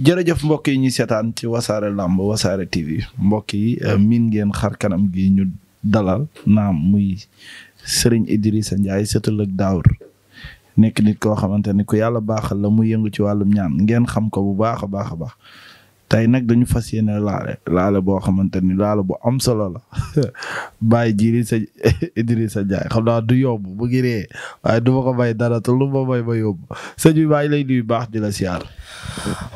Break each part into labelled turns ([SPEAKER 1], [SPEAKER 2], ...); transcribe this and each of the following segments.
[SPEAKER 1] jërëjëf mbokk yi ñuy seetaan ci wasaare làmb wasaare TV mbokk yi euh, miin ngeen xar kanam gi ñu dalal naam muy Serigne Idrissa Ndiaye sëtal ak Daawur nekk nit koo xamante ni ku yàlla baaxal la mu yëngu ci wàllum ñaan ngeen xam ko bu baax a baax a baax ay nag dañu fas yéene laale laale boo xamante ni laale bu am solo la bàyyi jiri sa Idrissa xam naa du yomb bu ngi ree waaye du ma ko may dara te lu ma may lay nuyu baax di la siyaar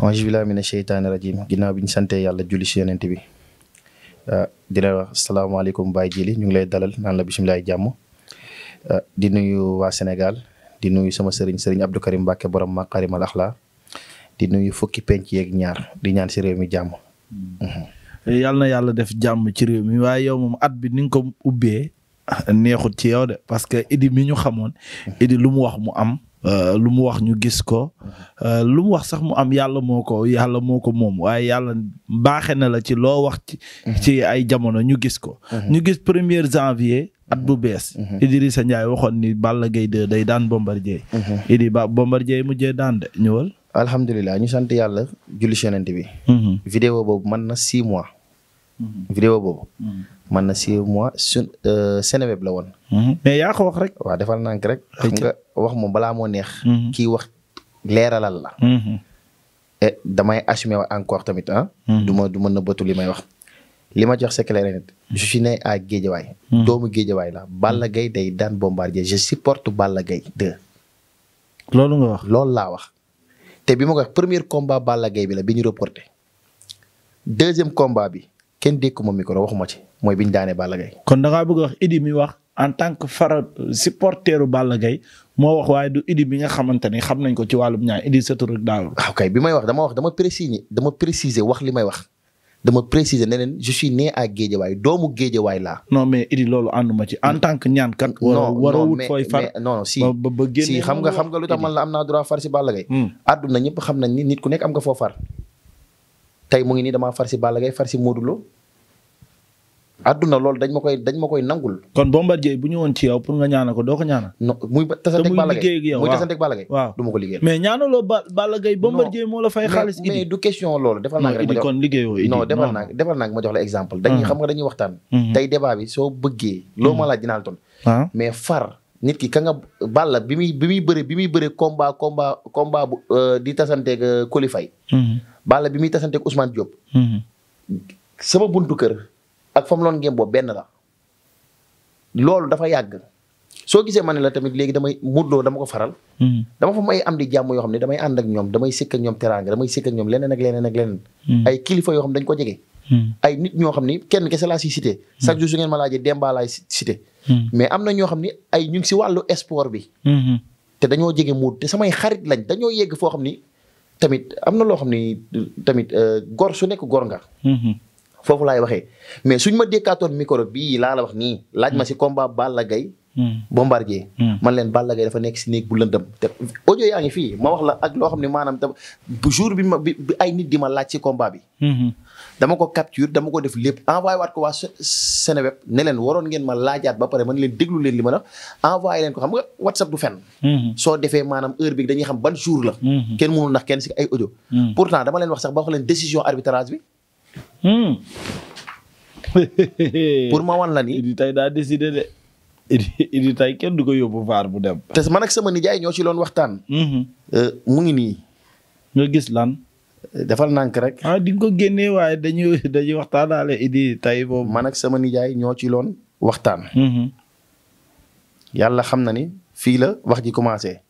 [SPEAKER 1] auzu
[SPEAKER 2] billaahi mina sheytaani rajiim ginnaaw bi ñu sante yàlla juli si yonent bi ah, di la wax salaamaaleykum Baye ñu ngi lay dalal naan la bisimilah jàmm ah, di nuyu waa Sénégal di nuyu sama sëriñ sëriñ Abdou Karim Mbacke borom Makarimal Axlaa di nuyu fukki penc yeeg ñaar di ñaan si réew mi jàmm. Mm-hmm.
[SPEAKER 1] Eh, yàlla na yàlla def jàmm ci réew mi waaye yow moom at bi ni nga ko ubbee neexut ci yow de parce que idi mi ñu xamoon. Mm-hmm. idi lu mu wax mu am. Uh, lu mu wax ñu gis ko uh, lu mu wax sax mu am yàlla moo ko yàlla moo ko moom waaye yàlla mbaaxe na la ci loo wax ci ci ay jamono ñu gis ko ñu gis premier janvier at bu bees mm -hmm. Idrissa Ndiaye ni Balla Gaye day daan Bombardier idi ba Bombardier mu mujjee daan de ñëwal alhamdulilah ñu sant yàlla
[SPEAKER 2] julli yonent bi. Mm-hmm. vidéo boobu man na six mois.
[SPEAKER 3] Mm-hmm. Mm-hmm.
[SPEAKER 2] na six mois sun euh, Seneweb la woon. mais yaa ko wax rek. waaw defal nank rek. wax moom balaa moo neex. kii wax leeralal la. et damay assumer wa encore tamit ah. du nëbbatu li may wax. li ma jox c'est clair et net je suis né à Guédiawaye. doomu Guédiawaye la Balla Gaye day daan Bombardier je supporte Balla Gaye 2. loolu nga wax. te bi ma ko première premier combat Balla Gaye bi la bi ñu reporté deuxième combat bi kenn dégg ma micro waxuma ci mooy bi
[SPEAKER 1] ñu daanee Balla Gaye. kon da ngaa bëgg wax Idi mi wax en tant que fara supporteru Balla gay moo wax waaye du Idi bi nga xamante ni xam nañ ko ci wàllum ñaar Idi sa tur daal. Ah, kay bi may wax dama wax dama
[SPEAKER 2] préciser dama préciser wax li may wax. dama préciser ne leen je suis né à Guédiawaye doomu Guédiawaye la
[SPEAKER 1] non mais Idi loolu ànduma ci en mm. tant que ñaankat. non non mais fooy far non si. ba ba xam nga xam nga
[SPEAKER 2] lu tax man la am na droit far si Balla Gaye. Mm. àdduna ñëpp xam nañ ni nit ku nekk am nga foo far. tey mu ngi nii damaa far si Balla Gaye far si Modou Lo
[SPEAKER 1] àdduna loolu dañ ma koy dañ ma koy nangul. kon Bombardier bu ñu woon ci yow pour nga ñaanal ko doo ko ñaanal. non muy tasanteeg Balla Gaye muy tasanteeg Balla Gaye waaw du ma ko liggéeyal. mais ma jox kon mm-hmm. mm-hmm. bi
[SPEAKER 2] mm-hmm. ah. ki ka nga bi muy bi muy bëre bi muy bëre combat combat combat bu euh, di tasanteeg euh, Coly Faye. Balla bi muy tasanteeg Ousmane Diop. sama buntu kër ak fa mu loon ngémboo benn la loolu dafa yàgg soo gisee ma ne la tamit léegi damay mudloo dama ko faral hmm. dama fa may am di jàmm yoo xam ne damay ànd ak ñoom damay sëkk ak ñoom teraanga damay sëkk ak ñoom leneen ak leneen ak leneen hmm. ay kilifa yoo xam dañ ko jege hmm. ay nit ñoo xam ni kenn kese laa si cité chaque jour su ngeen ma la Demba laay cité mais am na ñoo xam ni ay ñu si wàllu sport bi te dañoo jege muut te samay xarit lañ dañoo yegg foo xam ni tamit am na loo xam ni tamit euh, gor su nekk gor nga foofu laay waxee mais suñ ma dékkaatoon micro bii laa la wax nii laaj ma hmm. si combat Balla Gaye hmm. Bombardier hmm. man leen Balla dafa nekk si néeg bu lëndëm te audio ma wax la ak loo xam ne maanaam tam jour bi ma bi ay nit di ma laaj si combat bi dama ko capture dama ko def lépp envoyé waat ko waa Seneweb ne leen waroon ngeen ma laajaat ba pare man leen déglu leen li ma la envoyé leen ko xam nga WhatsApp du fen soo defee maanaam heure bi dañuy xam ban jour la kenn na nax kenn si ay audio pourtant dama
[SPEAKER 1] leen wax sax ba wax leen décision arbitrage
[SPEAKER 3] Hmm.
[SPEAKER 1] pour ma wan la ni. Idi tey daa décidé de. Idi Idi tey kenn du ko yóbbu vaar bu dem. te
[SPEAKER 2] man ak sama nijaay ñoo ci loon waxtaan. Hmm. Euh, mu ngi nii. nga gis lan. Euh, defal nank rek. ah di ko génnee waaye dañu dañuy dañuy waxtaanaale Idi tey boobu. man ak sama nijaay ñoo ci loon waxtaan. Hmm. yàlla xam na ni fii la wax ji commencé.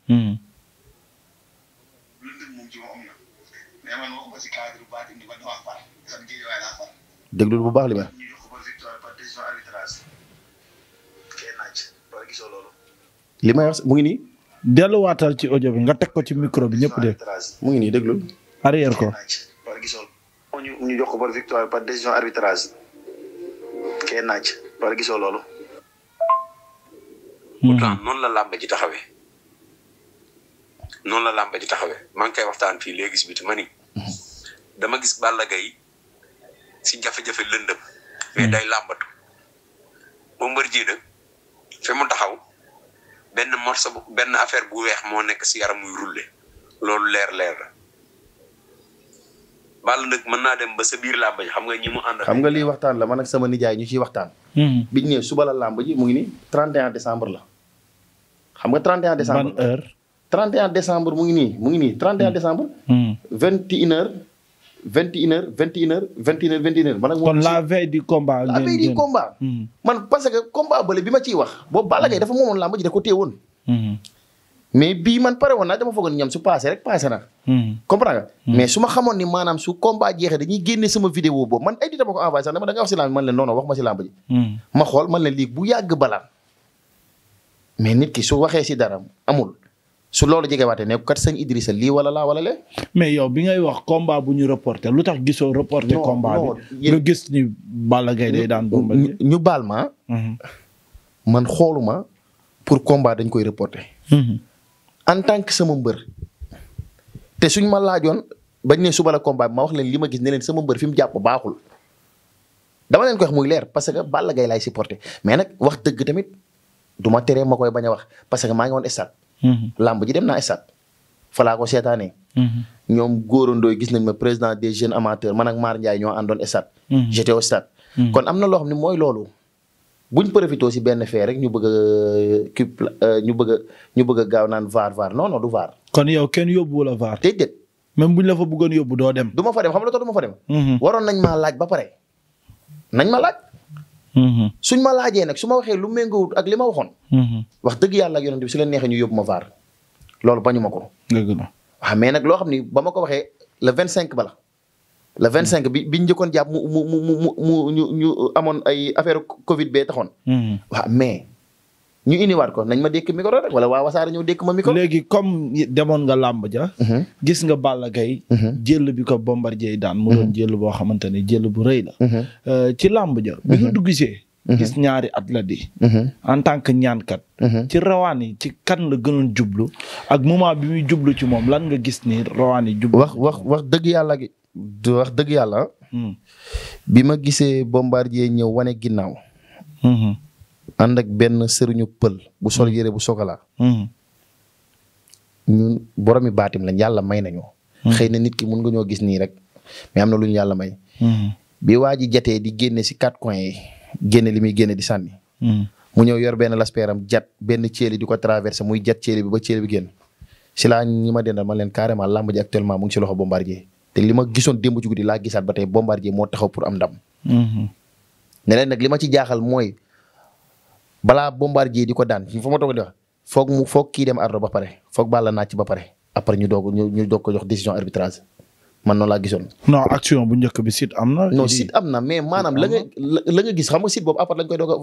[SPEAKER 2] déglul bu baax li
[SPEAKER 1] li may wax mu ngi nii. delluwaatal ci audio bi nga teg ko ci micro bi ñëpp de. mu ngi nii déglul. arrière ko.
[SPEAKER 2] ñu ñu jox ko par victoire par décision arbitrage kenn naa par gisoo loolu. Hmm. pourtant noonu la làmb ji taxawee. noonu la làmb ji taxawee maa ngi koy waxtaan fii léegi si biti ma ni. Hmm. dama gis Balla Gaye si jafe-jafe lëndëm. Hmm. mais day làmbatu. Bombardier nag fi mu taxaw benn morso bu benn affaire bu weex moo nekk si yaram muy rulle loolu leer leer la.
[SPEAKER 1] Balla nag mën naa dem ba sa biir làmb ji xam nga ñi mu ànd. xam nga lii
[SPEAKER 2] waxtaan la man ak sama nijaay ñu ciy waxtaan. Hmm. biñ ne suba la mu ngi nii 31 décembre la. xam nga 31 décembre ban heure. décembre mu ngi nii mu ngi nii 31 hmm. décembre. 21 vingt et une heures vingt et une heures vingt et une heures vingt et une heures man ak kon la
[SPEAKER 1] veille du combat. la veille du combat.
[SPEAKER 3] Hmm.
[SPEAKER 2] man parce que combat bële bi ma ciy wax. boobu Balla Gaye dafa moomoon làmb ji da ko téye woon. Hmm. mais bii man pare woon naa dama foogoon ñam su passé rek passé na. Hmm. comprendre nga. mais su ma xamoon ni maanaam su combat jeexee dañuy génne sama vidéo boobu man ay di dama ko envoyé sax dama da nga wax si làmb man leen non non wax ma si làmb ji. ma xool man leen lii bu yàgg balaa. mais nit ki su waxee si dara amul. su loolu jegewaatee ne kat sëñ Idrissa lii wala laa wala lee.
[SPEAKER 1] mais yow bi ngay wax combat bu ñu reporté lu tax gisoo reporté. combat bi nga gis ni Balla gay day daan Bombardier ñu baal ma. Mhm. man xooluma pour combat dañ koy reporté.
[SPEAKER 2] Mhm. en tant que sama mbër. te suñ ma laajoon bañ ne suba la combat bi ma wax leen li ma gis ne leen sama mbër fi mu jàpp baaxul. dama leen ko muy leer parce que Balla gay laay supporté mais nag wax dëgg tamit du ma teree ma koy bañ wax parce que maa ngi woon stade Mm-hmm. làmb ji dem naa esat falaa ko seetaanee mm-hmm. ñoom góorandooy gis nañ ma président des jeunes amateurs man ak Mar Ndiaye a àndoon esat mm-hmm. j'étais au stade kon am na loo xam ne mooy loolu buñ profité si benn fee rek ñu bëgg a euh, ñu bëgg ñu bëgg gaaw naan vaar vaar non non du vaar
[SPEAKER 1] kon yow kenn a la vaar déedéet même buñ la fa bëggoon yóbbu doo dem
[SPEAKER 2] du ma fa dem xam nga tax du ma fa dem waroon nañ maa laaj ba pare nañ ma laaj Mm-hmm. suñ ma laajee nag su ma waxee lu méngoowut ak li ma waxoon. Mm-hmm. wax dëgg yàlla ak yonent bi su leen neexee ñu yóbbu ma vaar loolu bañu ko. dëgg la ah, mais nag loo xam ni ba ma ko waxee le vingt cinq ba la. le vingt cinq bi biñ njëkkoon jàpp mu mu mu mu ñu amoon ay affaire Covid bee taxoon. waaw mm-hmm. ah, mais. ñu indiwaat ko nañ ma dékk micro rek wala waa wasaare ñëw
[SPEAKER 1] dékk ma micro. léegi comme demoon nga làmb ja. Mhm. gis nga Balla Gaye mhm. jël bi ko Bombardier daan. mu mhm. doon jël boo xamante ne jël bu rëy la. Euh, ci làmb ja. bi nga dugg gis ñaari at la di. en tant que ñaankat. ci rawaan yi ci kan la gënoon jublu ak moment bi muy jublu ci moom lan nga gis ni rawaan jublu. wax wax wax dëgg yàlla
[SPEAKER 2] wax dëgg yàlla. Hmm. bi ma gisee Bombardier ñëw wane ginnaaw. Hmm. and ak benn sëriñu pël bu sol hmm. yére bu sokalaa hmm. ñun boromi baatim lañ yàlla may nañu hmm. xëy na nit ki mun nga ñoo gis nii rek mais am na lu yàlla may bi waa ji jatee di génne si quatre coins yi génne li muy génne di sànni mu ñëw yor benn laspeeram jat benn ceeli di ko traversé muy jat ceeli bi ba ceeli bi génn si laa ñi ma dendal ma leen carrément làmb ji actuellement mu ngi si loxo bombardier te li ma gisoon démb ci guddi laa gisaat ba tey bombardier moo taxaw moo am ndam ne leen mooy balaa bombardier di ko daan fii fa ma toog di foog kii dem ardo ba pare foog Balla naaj ba pare après ñu doog ko jox décision arbitrage man noonu laa
[SPEAKER 1] gisoon. non action bu njëkk bi site am na. non site
[SPEAKER 2] am na mais maanaam la nga la nga gis xam nga site boobu après lañ koy doog a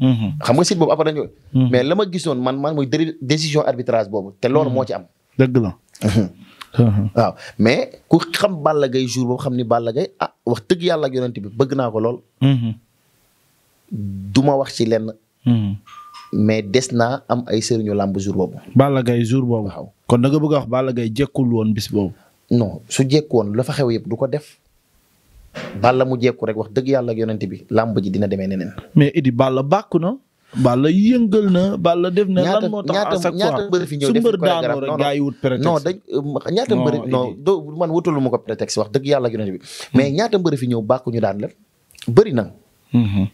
[SPEAKER 2] mhm. xam nga site boobu après lañ koy. Mhm. mais la ma gisoon man man mooy décision arbitrage boobu te loolu mhm. moo ci am. la. waaw mais ku xam Balla Gaye jour boobu xam ni Balla Gaye ah wax dëgg yàlla ak Hmm. mais des naa am ay sëriñu làmb jour boobu. Balla Gaye jour boobu. waaw kon da nga bëgg a wax Balla Gaye jekkul woon bis boobu. no su jekk woon la xew yëpp du ko def. Balla mu jekku rek wax dëgg yàlla ak bi làmb ji dina demee neneen.
[SPEAKER 1] mais Idi Balla bàkku na. Balla yëngal na Balla def na. lan moo tax à chaque fois ñaata mbër
[SPEAKER 2] fi ñëw def ko daanoo rek gaa yi wut prétexte. non dañ euh, ñaata mbër non doo man wutalu ma ko prétexte wax dëgg yàlla ak yonent bi. mais hmm. ñaata mbër fi ñëw bàkku ñu daan la bari na. Hmm,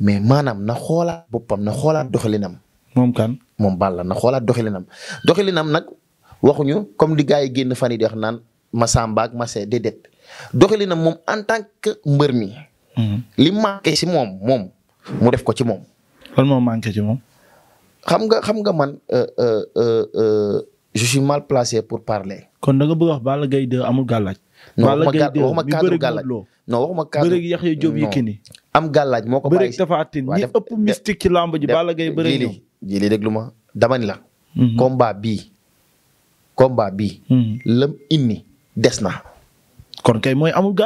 [SPEAKER 2] mais maanaam na xoolaat boppam na xoolaat doxalinam. moom kan moom Balla na xoolaat doxalinam doxalinam nag waxuñu comme di gars yi génn fan yi di wax naan Massamba ak Massé déedéet doxalinam moom en tant que mbër mi. Mhm. li manqué si moom moom
[SPEAKER 1] mu def ko ci moom. lan moo manqué si moom.
[SPEAKER 2] xam nga xam nga man euh, euh, euh, je suis mal placé pour parler.
[SPEAKER 1] kon da nga bëgg wax Balla
[SPEAKER 2] Gaye 2 amul gàllaaj. non waxuma gàll waxuma cadre gàllaaj non waxuma cadre bëreeg Yaxya Jóob Yékini am gàllaaj moo ko bàyyi bëreeg Tapha Tine ñi ëpp
[SPEAKER 1] mystique ci lamb ji Balla Gaye bëreeg ñoom
[SPEAKER 2] jili ma dama la mhm. combat bii combat bii mhm. lam inni des na
[SPEAKER 1] kon kay bu ñu ko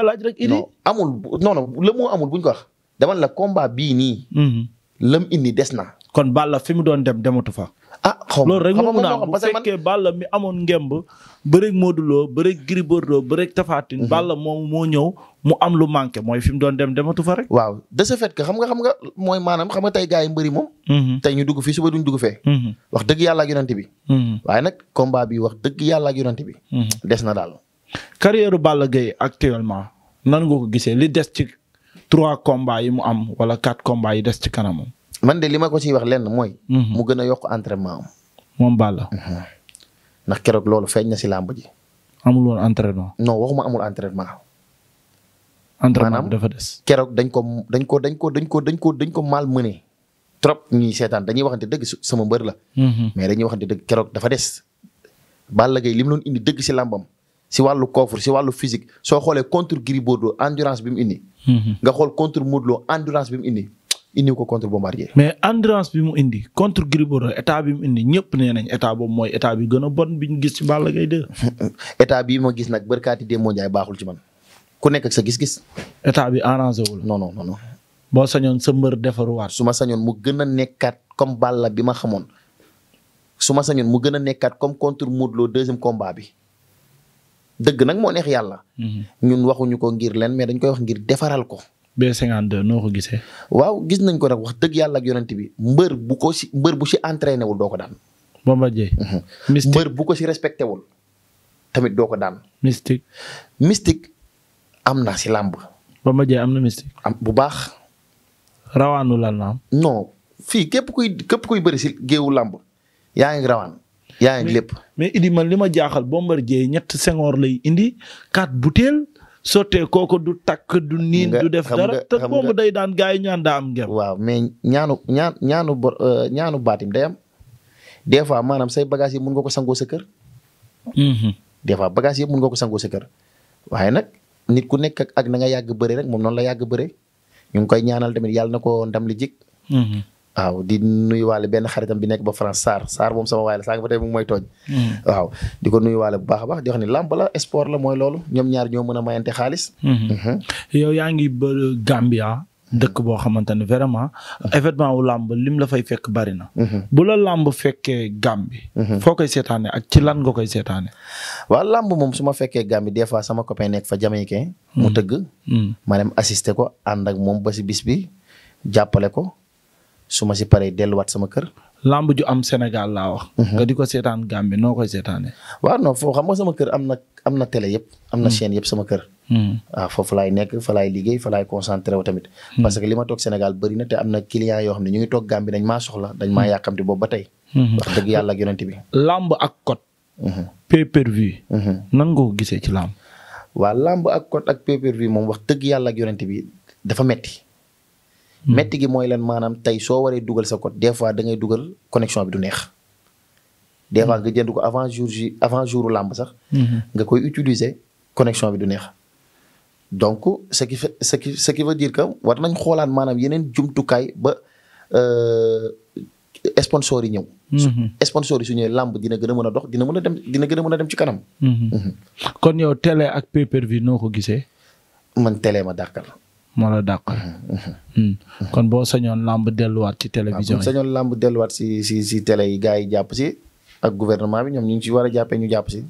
[SPEAKER 1] wax dama ni la combat bii nii lam mhm. inni des na kon fi mu doon dem dematu fa ah xaw ma loolu rek moo mun a bu fekkee Balla mi amoon ngemb bëreeg Modou Lo bëreeg Gris Bordeaux bëreeg Tapha Tine. Mhm. Balla moom moo ñëw mu am lu manqué mooy fi mu doon dem dematu fa rek. waaw de ce fait xam nga xam
[SPEAKER 2] nga mooy maanaam xam nga tey gars yi mbëri moom. Mhm. tey ñu dugg fii suba duñ dugg fee. Mhm. wax dëgg yàlla ak bi.
[SPEAKER 1] waaye nag combat bi wax dëgg yàlla ak bi. des na daal. carrière Balla Gaye actuellement nan nga ko gisee li des ci trois combats yi mu am wala quatre combats yi des ci kanamam. man de li ma ko ciy wax lenn mooy. Mhm. mu gën a yokk entraînement am. moom
[SPEAKER 2] Balla. Mhm. ndax keroog loolu feeñ na si làmb ji.
[SPEAKER 1] amul woon entraînement.
[SPEAKER 2] non waxuma amul entraînement. entraînement dafa des keroog dañ ko dañ ko dañ ko dañ ko dañ ko dañ ko mal mëne trop ñuy seetaan dañuy waxante dëgg sama mbër la. Mhm. mais dañuy waxante dëgg keroog dafa des. Balla Gaye li mu doon indi dëgg si làmbam si wàllu coffre si wàllu physique soo xoolee contre Gris Bordeaux endurance bi mu nga xool contre Modou Lo endurance bi mu indi ko contre bombardier.
[SPEAKER 1] mais endrance bi mu indi contre Gris Bordeaux état bi mu indi ñëpp nee nañ état boobu mooy état bi gën a bon bi ñu gis ci Balla Gaye 2. état bii ma gis nag barkaati Demba Ndiaye baaxul ci man ku nekk sa gis-gis. état bi arrangé wul. non non non. boo sañoon sa
[SPEAKER 2] mbër defaruwaat. su ma sañoon mu gën a nekkaat comme Balla bi ma xamoon su ma sañoon mu gën a nekkaat comme contre Modou Lo deuxième combat bi. dëgg nag moo neex yàlla. Mhm. ñun waxuñu ko ngir leen dañ koy wax ngir defaral ko.
[SPEAKER 1] B52 noo ko gisee. waaw
[SPEAKER 2] gis nañ ko nag wax dëgg yàlla ak bi mbër bu ko si mbër bu si entraîné wul doo ko daan.
[SPEAKER 1] Bombardier. Mhm.
[SPEAKER 2] mystique mbër bu ko si respecté wul tamit doo ko daan. mystique. mystique
[SPEAKER 1] am na si làmb. Bombardier am na mystique. am bu baax. rawaanu lan la am. non fii képp kuy képp kuy bëri si géewu làmb yaa ngi rawaan. yaa ngi lépp mais Idi li ma jaaxal Bombardier ñett sengoor lay indi quatre butéel. sottee kooku du takk du niin du def dara te boobu day daan gars yi ñaan daa am
[SPEAKER 2] ngem waaw mais ñaanu ñaan ñaanu bor euh, ñaanu baatim day am des fois maanaam say bagage mun nga ko sangoo sa kër mhm. des fois bagage yëpp mun nga ko sango sa kër waaye nag nit ku nekk ak na nga yàgg bëre rek moom noonu la yàgg bëre ñu ngi koy ñaanal tamit yàlla na ko ndam li jik mhm. waaw di nuyuwaale benn xaritam bi nekk ba France Sarr saar moom sama waay la saa nga fa tey moom mooy tooñ. Hmm. waaw di ko nuyuwaale bu baax a baax di wax ni làmb la sport la mooy loolu ñoom ñaar ñoo
[SPEAKER 1] mën a xaalis. Hmm. Hmm. yow yaa ngi ba Gambia. dëkk boo xamante ne vraiment événement wu làmb lim la fay fekk bari na. bu la làmb fekkee Gambie. foo koy seetaane ak ci lan nga koy seetaane. waaw làmb moom su ma fekkee gàmbi des fois sama copain nekk
[SPEAKER 2] fa Jamaïcain mu tëgg. ma dem assister ko ànd ak moom ba si bis bi jàppale ko. su ma si paree delluwaat sama kër.
[SPEAKER 1] lamb ju am Sénégal laa wax.
[SPEAKER 2] Mhm. nga di ko seetaan Gambie noo koy seetaanee. waaw non foofu xam nga sama kër am na mhm. mhm. ah, nekk fa liggéey fa laay ma toog Sénégal bëri na te am na client yoo xam ne ñu ngi toog Gambie dañ maa soxla dañ maa yàkkamti boobu ba tey. wax dëgg yàlla ak yonent bi.
[SPEAKER 1] lamb ak code. pay per view. nan nga ko gisee ci lamb. waa
[SPEAKER 2] lamb ak code ak pay per view moom wax dëgg yàlla ak bi dafa metti Hmm. metti gi mooy lan maanaam tey soo waree dugal sa code des fois da ngay dugal connexion bi du neex. des fois hmm. nga jënd ko avant jour ji avant jour làmb sax. Hmm. nga koy utiliser connexion bi du neex. donc ce qui fait ce qui ce dire que war nañ xoolaan maanaam yeneen jumtukaay ba euh, sponsor yi ñëw. sponsor yi su ñëwee làmb dina gën a mën a dox dina mën dem dina gën a mën a dem ci kanam.
[SPEAKER 1] kon yow télé ak pay per noo ko gisee. man télé ma dàkkal. moo la dàq. Mm-hmm. Mm-hmm. Mm-hmm. kon boo sañoon làmb delluwaat ci télévision yi.
[SPEAKER 2] sañoon làmb delluwaat si si si télé yi gars yi jàpp si ak gouvernement bi ñoom ñu ngi ci war a jàppee ñu jàpp si.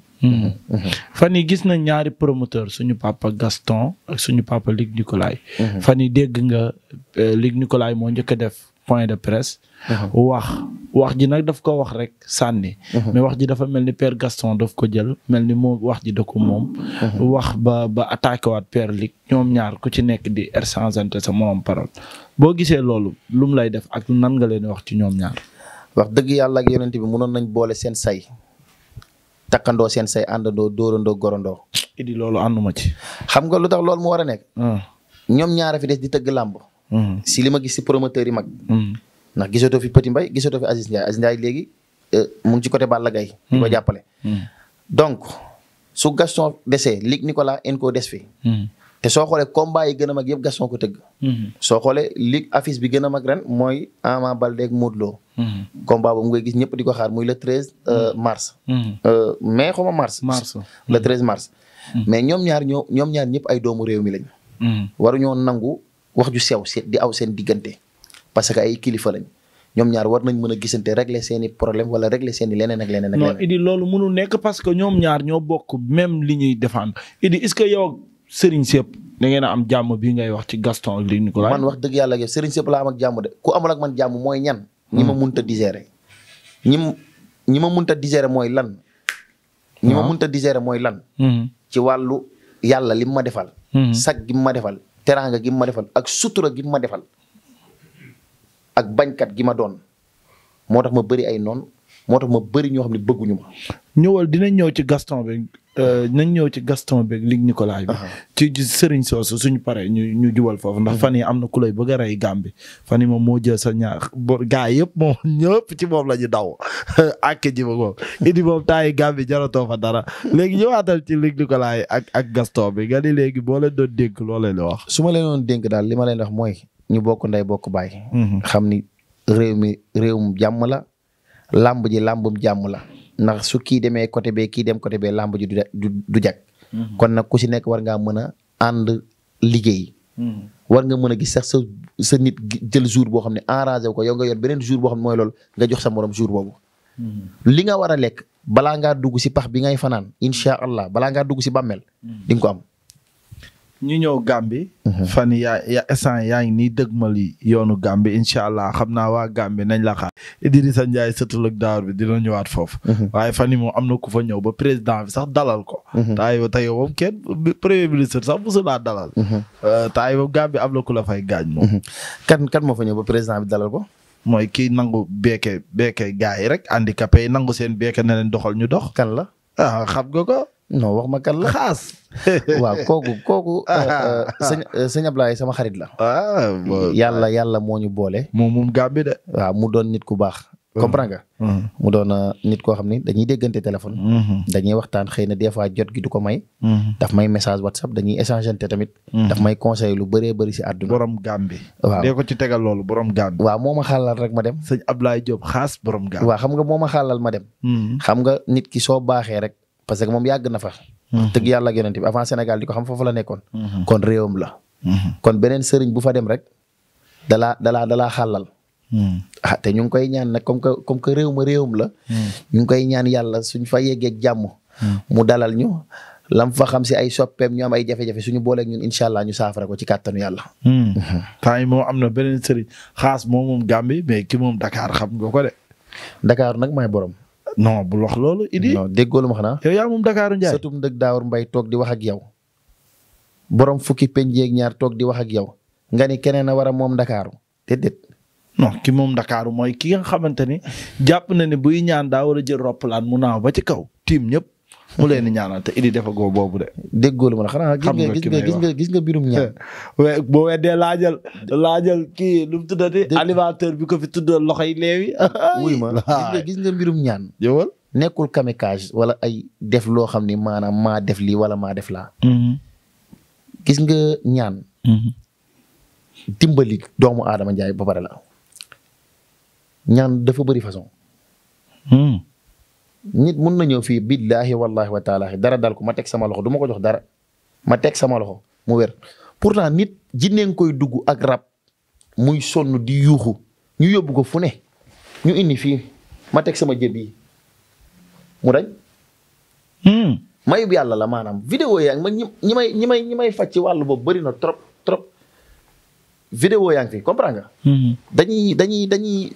[SPEAKER 1] fan yi gis na ñaari promoteur suñu papa Gaston ak suñu papa Luc Nicolaï. fan yi dégg nga euh, Luc Nicolaï moo njëkk a def point de presse. Uh-huh. wax wax ji nag daf ko wax rek sànni. Uh-huh. mais wax ji dafa mel ni per Gaston daf ko jël mel ni moo wax ji da ko moom. Uh-huh. wax ba ba attaqué waat père Lick ñoom ñaar ku ci nekk di échangeante sa morom parole boo gisee loolu lu lay def ak nan nga leen wax ci ñoom ñaar.
[SPEAKER 2] wax dëgg yàlla ak yonent
[SPEAKER 1] bi mënoon nañ boole seen
[SPEAKER 2] say. takkandoo seen say àndandoo dóorandoo gorandoo. idi loolu ànduma ci. xam nga lu tax loolu mu war a nekk. Ah. ñoom ñaara fi des di tëgg làmb. Mm-hmm. si li ma ndax gisatoo fi Petit Mbaye gisatoo fi Aziz Ndiaye Aziz Ndiaye léegi euh, mu ngi ci côté Balla Gaye di ko hmm. jàppale. Hmm. donc su Gaston desee Luc Nicolas Enco des fi. Hmm. te soo xoolee combat yi gën a mag yëpp Gaston ko tëgg. soo xoolee Luc affiche bi gën a mag ren mooy Ama Baldé ak Modou Lo. combat boobu ngay gis ñëpp di ko xaar muy le treize euh, mars. Euh, mais xuma mars. mars le treize mais ñoom ñaar ñoo ñoom ñëpp ay doomu réew mi lañ. waruñoo nangu wax ju sew di aw seen diggante. parce que ay kilifa lañ ñoom ñaar war nañ mën a gisante régler seen i problème wala régler seen i leneen ak leneen ak leneen. non
[SPEAKER 1] Idi loolu mënul nekk parce que ñoom ñaar ñoo bokk même li ñuy défendre Idi est-ce que yow ak Serigne Sepp da ngeen a am jàmm bi ngay wax ci Gaston ak Nicolas. man
[SPEAKER 2] wax dëgg yàlla ak yow Serigne Sepp laa am ak jàmm de ku amul ak man jàmm mooy ñan. Hmm. ñi ma mënut a digérer.
[SPEAKER 1] ñi ñi ma mënut
[SPEAKER 2] a digérer mooy lan. ñi ma mënut hmm. a digérer mooy lan. Hmm. ci wàllu yàlla li ma defal. sag gi ma defal teraanga gi ma defal ak sutura gi ma defal. ak bañkat gi ma doon moo tax ma bëri ay noon moo tax ma bëri ñoo xam
[SPEAKER 1] ne bëgguñu ma. ñëwal dina ñëw ci Gaston bi euh, dinañ ñëw ci Gaston beeg Luc Nicolaï bi. ci sëriñ soosu suñu paree ñu ñu jubal foofu ndax mhm. fan yi am na ku ba bëgg a rey Gàmbi fan yi moom moo jël sa ñaar gaa yëpp moom ñëpp ci moom la ñu daw ak ji ba moom indi moom taayi Gàmbi jaratoo fa dara léegi ñëwaatal ci Luc Nicolaï ak ak Gaston bi nga ni léegi boo leen doon dénk loo leen di wax. su ma leen doon dénk daal li ma leen wax mooy ñu bokk ndey bokk baay.
[SPEAKER 2] Mhm. xam ni réew mi mu jàmm la lamb ji làmbum jàmm la ndax su kii demee côté bee kii dem côté bee làmb ji du du jag. Mhm. kon nag ku si nekk war ngaa mën a ànd liggéey. Mhm. war nga mën a gis sax sa sa nit jël jour boo xam ne enragé ko yow nga yor beneen jour boo xam ne mooy lool nga jox sa morom jour boobu. li nga war lekk balaa ngaa dugg si pax bi ngay fanaan incha allah balaa ngaa dugg si bàmmeel di ko am.
[SPEAKER 1] ñu ñëw Gambie. Mhm. fan yaa ya instant yaa ngi nii dëgmal yoonu bi incha allah xam naa waa Gambie nañ la xaar Idrissa Ndiaye sëtul ak daawar bi dina ñëwaat foofu. Mhm. waaye fan yi moom am na ku fa ñëw ba président bi sax dalal ko. Mhm. taay ba tey moom kenn premier ministre sax mosul laa dalal. taay ba bi am na ku la fay gaañ moom. kan kan moo fa ñëw ba président bi dalal ko. mooy kii nangu beeke beeke gars yi rek handicapé yi nangu seen beeke ne leen doxal ñu dox. kan la ah non wax ma kan la xaas. waaw
[SPEAKER 2] kooku kooku. Ah. Euh, euh, sëñ euh, sëñ Ablaye sama xarit la. Ah, yàlla yàlla moo ñu boole. moom moom gaa bi de. waaw mu doon nit ku baax. Mm. comprendre nga. Mm. mu doon nit koo xam ni dañuy déggante téléphone. Mm-hmm. dañuy waxtaan xëy na des fois jot gi du ko may. Mm-hmm. daf may message WhatsApp dañuy échanger tamit. Mm-hmm. daf may conseil lu bëree bëri si àdduna. borom Gàmbi. waaw dee ko ci loolu borom Gàmbi. waaw moo ma xaalal rek ma dem. sëñ Ablaye Diop xaas borom Gàmbi. waaw xam nga moo ma xaalal ma dem. xam nga nit ki soo baaxee rek. parce que moom yàgg na fa. tëgg mhm. yàlla ak yonent bi avant Sénégal di xam foofu la nekkoon. Mhm. kon réewam la. Mhm. kon beneen sëriñ bu fa dem rek dalaa dalaa dalaa xàllal. ah te ñu ngi koy ñaan nag comme que suñ fa yeggee jàmm. mu dalal ñu lam fa xam si ay soppeem ñu am ay
[SPEAKER 1] jafe-jafe suñu booleeg ñun incha allah ñu saafara o ci kàttanu yàlla. temps yi moom am na beneen sëriñ xaas moom moom Gambie mais ki xam nga de. Dakar nag may borom. non
[SPEAKER 2] bu wax loolu. idi non déggoo lu ma xanaa. yow yaa moom Dakar Ndiaye. sëtum dëgg Daawur toog di wax ak yow.
[SPEAKER 1] borom fukki penjeeg ñaar toog di wax ak yow. nga ni keneen a war a moom Dakar déedéet. non ki moom Dakar mooy ki nga xamante ni jàpp na ne buy ñaan daawar a jël roppalaan mu naaw ba ci kaw. tiim ñëpp. mu leen di ñaanal te idi defagoo boobu de. déggoo la ma xanaa gis nga gis nga gis nga birum ñaan. we boo weddee laajal. laajal kii lu mu tuddati. animateur bi ko fi tuddal loxo yi leewi.
[SPEAKER 2] gis nga mbirum ñaan. jëwal nekkul kamikaze wala ay def loo xam ni maanaam maa def lii wala maa def laa. Mm-hmm. gis nga ñaan. Mm-hmm. dimbali doomu aadama njaay ba pare la. ñaan dafa bëri façon. Mm. nit mun na ñëw fii billaahi wallaahi wa taalaahi dara dal ko ma teg sama loxo du ma ko jox dara ma teg sama loxo mu wér pourtant nit jinne nga koy dugg ak rab muy sonn di yuuxu ñu yóbbu ko fu ne ñu indi fii ma teg sama jëb yi mu dañ. Hmm. mayub yàlla la maanaam vidéo yaa ngi ma ñi may ñi may ñi may faj ci wàllu boobu bëri na trop trop. vidéo yaa ngi fi comprendre nga. Hmm. dañuy dañuy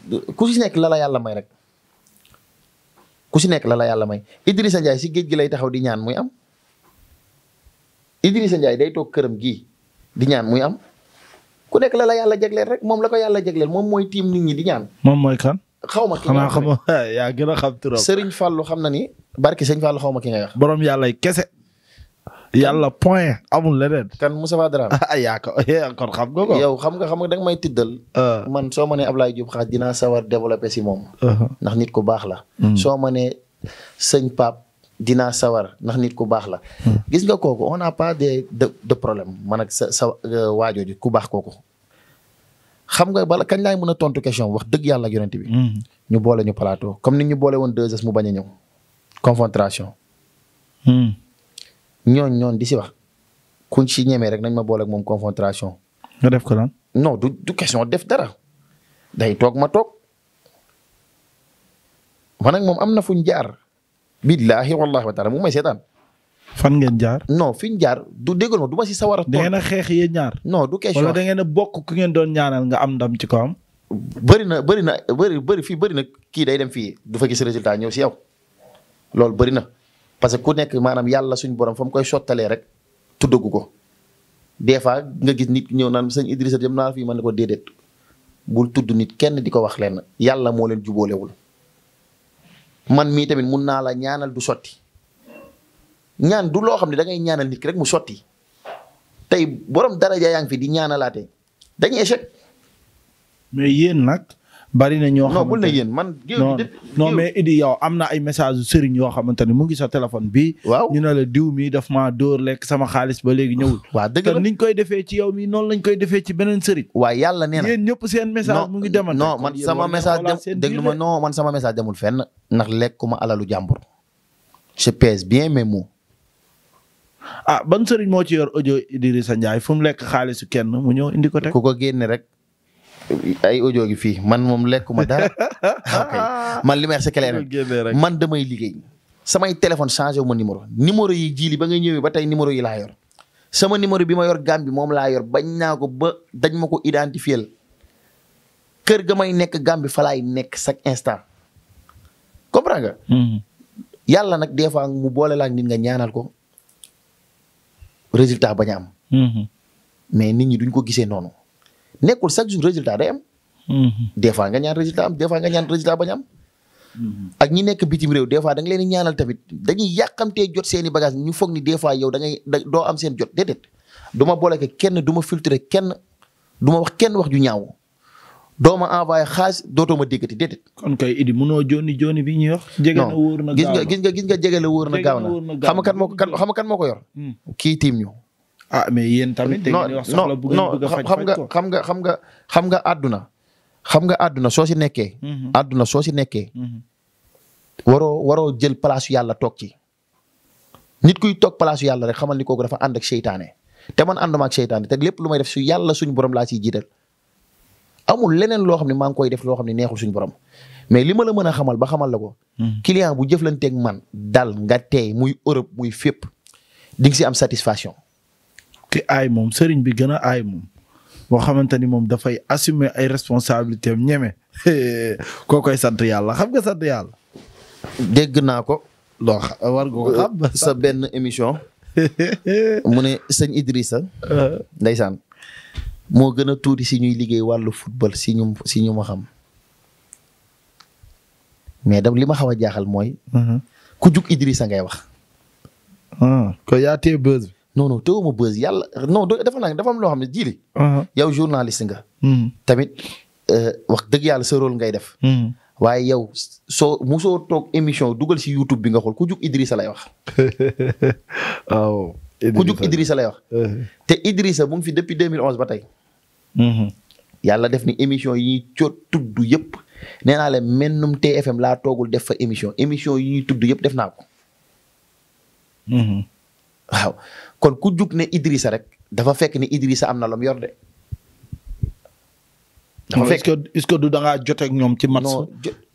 [SPEAKER 2] si nekk la la yàlla may rek. ku si nekk la la yàlla may Idrissa Ndiaye si géej gi lay taxaw di ñaan muy am Idrissa Ndiaye day toog këram gi di ñaan muy am ku nekk la la yàlla jagleel rek moom la ko yàlla jagleel moom mooy tiim nit ñi di ñaan. moom mooy kan. xaw ma ki nga xam yaa gën a xam turam. Serigne Fallou xam na ni barki Serigne Fallou xaw ki nga wax.
[SPEAKER 1] borom yàlla kese. yàlla point amul leneen. kan Moustapha Dramé. yaa ko eh, kon xam nga ko. yow
[SPEAKER 2] xam nga xam nga danga may tiddal. Ah. man soo ma nee Ablaye Diop xaas dinaa sawar développé si moom. Ah. ndax nit ku baax la. Hmm. soo ma nee sëñ Pape dinaa sawar ndax nit ku baax la. Hmm. gis nga kooku on a pas de de problème man ak sa sa euh, waajooju ku baax kooku. xam nga bala kañ laay mun a tontu question wax dëgg yàlla ak yonent bi. Hmm. ñu boole ñu plateau comme ni ñu boole woon 2S mu bañ a ñëw. confrontation. ñooñ ñoon di si wax kuñ si ñemee rek nañ ma boole moom confrontation. nga def ko lan. non du du question def dara day toog ma toog man ak moom am na fuñ jaar. billaahi
[SPEAKER 1] wallaahi wa taala mu may seetaan.
[SPEAKER 2] fan ngeen jaar. non fi ñu jaar du déggal
[SPEAKER 1] ma du ma si sawar a. toog da ngeen xeex yéen ñaar. non du question wala da ngeen a bokk ku ngeen doon ñaanal nga am ndam ci kawam.
[SPEAKER 2] bëri na bëri na bëri bëri fii bëri na kii day dem fii du fa gis résultat ñëw si yow loolu bëri na. parce que ku nekk maanaam yàlla suñu borom fa koy sottalee rek tuddagu ko des fois nga gis nit ñëw naan sëñ Idrissa dem naa fii man ne ko déedéet bul tudd nit kenn di ko wax leen yàlla moo leen juboolewul man mii tamit mun naa la ñaanal du sotti ñaan du loo xam ne dangay ñaanal nit rek mu sotti
[SPEAKER 1] tey borom daraja yaa ngi fi di ñaanalaate dañuy échec. mais yéen nag. bari na ñoo xamante ne yéen man. non non mais Idi yow am na ay message sëriñ yoo xamante ne mu ngi sa téléphone bi waaw ñu ne la diw mi daf ma dóor lekk sama xaalis ba léegi ñëwul. waaw dëgg la niñ koy defee ci yow mi noonu lañ koy defee ci beneen sëriñ. waaw yàlla nee na ñëpp seen message mu ngi demante. non man sama message dem déglu ma
[SPEAKER 2] non man sama message demul fenn. ndax lekkuma alalu
[SPEAKER 1] jàmbur. je bien mes mots. Ah, ban sëriñ moo ci yor audio Idrissa Ndiaye fu mu lekk xaalisu kenn mu ñëw indi ko teg. ko génne rek
[SPEAKER 2] ay audio gi fii man moom lekkuma dara man li may wax c'est clair man damay liggéey samay téléphone changé wu ma numéro numéro yi jiili ba nga ñëwee ba tey numéro yi laa yor sama numéro bi ma yor Gambie moom laa yor bañ naa ko ba dañ ma ko identifier kër ga may nekk Gambie fa laay nekk chaque instant comprends nga. Mhm. nag des fois mu boole laa nit nga ñaanal ko résultat bañ a mhm. mais nit ñi duñ ko gisee noonu. nekkul chaque jour résultat day am. Mhm. des fois nga ñaan résultat am des fois nga ñaan résultat bañ am. Mhm. ak ñi nekk bitim réew des fois da leen di ñaanal tamit dañuy yàqamtee jot seeni i bagage ñu foog ni des fois yow da ngay doo am seen jot déedéet. du ma boole ko kenn du ma filtrer kenn du ma wax kenn wax ju ñaaw doo ma envoyé xaalis dootoo ma déggati déedéet. kon kay Idi munoo jooni jooni bi ñuy wax. jege na na gaaw na gis nga gis nga gis nga jege la wóor na gaaw na xam kan moo ko kan xam kan moo ko yor.
[SPEAKER 1] Hmm. kii tiim ñu. ah mais yéen
[SPEAKER 3] tamit. da ngeen di bëgg a xam
[SPEAKER 2] nga xam nga xam nga àdduna. xam nga àdduna soo si nekkee. Mhm. àdduna soo si nekkee. Mhm. waroo waroo jël place yàlla toog ci. nit kuy toog place yàlla rek xamal ni kooku dafa ànd ak seytaane te man ànduma ak seytaane te lépp lu may def su yàlla suñu borom laa ciy jiital. amul leneen loo xam ne maa ngi koy def loo xam ne neexul suñu borom mais li ma la mën a xamal ba xamal la ko. Mhm. client bu jëflanteeg
[SPEAKER 1] man daal nga teey muy Europe muy fépp di si am satisfaction. ci aay moom sëriñ bi gën a aay moom boo xamante ni moom dafay assumé ay responsabilités am ñeme koo koy sant yàlla xam nga sant yàlla. dégg naa ko. loo war xam sa benn émission. mu ne sëñ
[SPEAKER 2] idrisa uh-huh. ndeysaan moo gën a tuuti si ñuy liggéey wàllu football si ñu si xam. mais dam li ma xaw a jaaxal mooy. Uh-huh. ku jug Idrissa ngay wax. Ah, ko yaa tee non non teewuma buzz yàlla non dafa naa dafa am loo xam ne jiili. Uh-huh. yow journaliste nga. Hmm. tamit euh, wax dëgg yàlla sa ngay def. Hmm. waaye yow soo musoo toog émission dugal si YouTube bi nga xool ku jug Idrissa lay wax.
[SPEAKER 1] waaw lay wax.
[SPEAKER 2] Uh-huh. te Idrissa mu ngi fi depuis 2011 ba tey. Hmm. yàlla def ni émission yi ñuy tudd yëpp nee naa leen mennum TFM laa toogul def fa émission émission yi ñuy tudd yëpp def naa ko. waaw kon ku jug ne Idrissa rek dafa fekk ni Idrissa am na lu mu yor de.
[SPEAKER 3] dafa fekk
[SPEAKER 1] est-ce que joteeg ñoom ci match.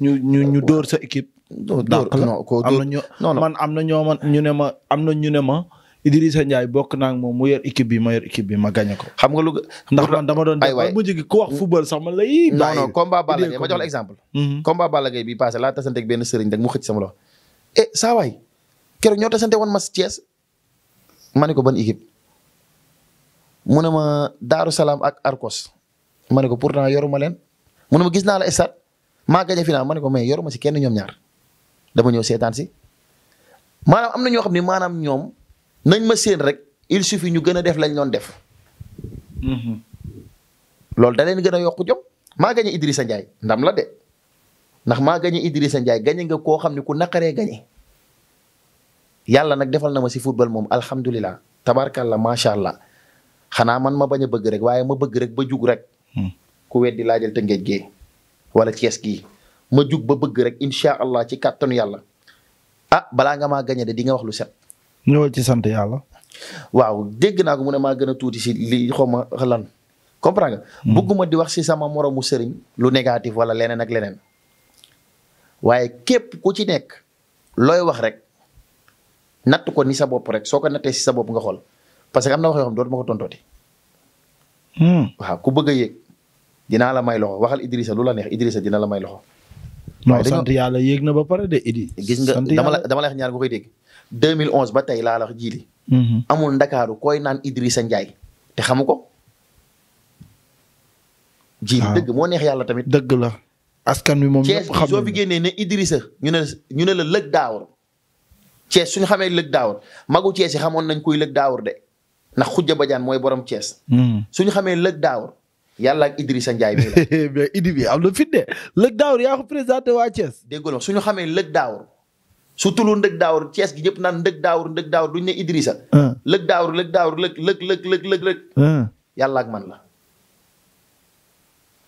[SPEAKER 1] ñu ñu ñu dóor sa équipe. non la ko am na ñu man am na ñoo ma ñu ne ma am na ñu ne ma. Idrissa Ndiaye bokk naa moom mu yor équipe bi ma yor équipe bi ma gagné ko. xam nga lu ndax man dama doon def ba mujj gi ku wax football sax man la yii.
[SPEAKER 2] non non combat ma jox la exemple. Mhm. combat Balla Gaye bi passé laa tasante ak benn sëriñ rek mu xëcc sama loxo. Eh, saa waay keroog ñoo tasante woon mas Thiès ma ne ko ban équipe mu ne ma Daaru Salaam ak Arcos ma ne ko pourtant yoruma leen mu ne ma gis naa la stade maa gagné final ma ne ko mais yoruma si kenn ñoom ñaar dama ñëw seetaan si maanaam am na ñoo xam ne maanaam ñoom nañ ma seen rek il suffit ñu gën a def lañ doon def. Mhm. loolu da leen gën a yokk jom maa gagné Idrissa Ndiaye ndam la de ndax maa gagné Idrissa njaay gañe nga koo xam ne ku naqaree gagné. yàlla nag defal na ma si football moom alhamdulilah tabarkalla macha allah xanaa man ma bañ a bëgg rek waaye ma bëgg rek ba jug rek. Hmm. ku weddi laajal te Tëngéej gee wala Cees gi ma jug ba bëgg rek incha allah ci kàttanu yàlla ah balaa nga maa gañe de di nga wax lu set.
[SPEAKER 1] ñëwal ci sant yàlla.
[SPEAKER 2] waaw dëgg naa ko mu ne maa a tuuti si li xaw ma lan comprendre nga. Hmm. bëgguma di wax si sama moromu sëriñ lu négatif wala leneen ak leneen waaye képp ku ci nekk looy wax rek. natt ko ni sa bopp rek soo ko nattee si sa bopp nga xool parce que am na wax yoo xam dootuma ko tontooti. Hmm. waaw ku bëgg a yéeg dinaa la may loxo waxal Idrissa lu la neex Idrissa dina la may loxo. waaye sant yàlla yéeg na ba pare de Idi. gis nga dama la ñaar nga koy dégg. 2011 ba tey laa la wax jiili. Hmm. amul ndakaaru koy naan Idrissa Ndiaye te xamu ko. jiili ah. dëgg moo neex yàlla tamit. dëgg la askan wi moom ñëpp xam soo fi génnee ne Idrissa ñu ne ñu la lëg daawar Thiès suñu xamee lëg daawar magu Thiès yi xamoon nañ kuy lëg daawar de ndax xujja jaan mooy borom hmm. su ñu xamee lëg daawar yàlla ak Idrissa Ndiaye bi la. mais Idi bi am na daawar yaa présenté waa Thiès. déggoo suñu xamee lëg daawar su tullu ndëg daawur cees gi ñëpp naan ndëg daawar ndëg daawar duñ ne Idrissa. Hmm. lëg daawar lëg daawar lëg lëg lëg lëg lëg. Hmm. yàlla ak man la.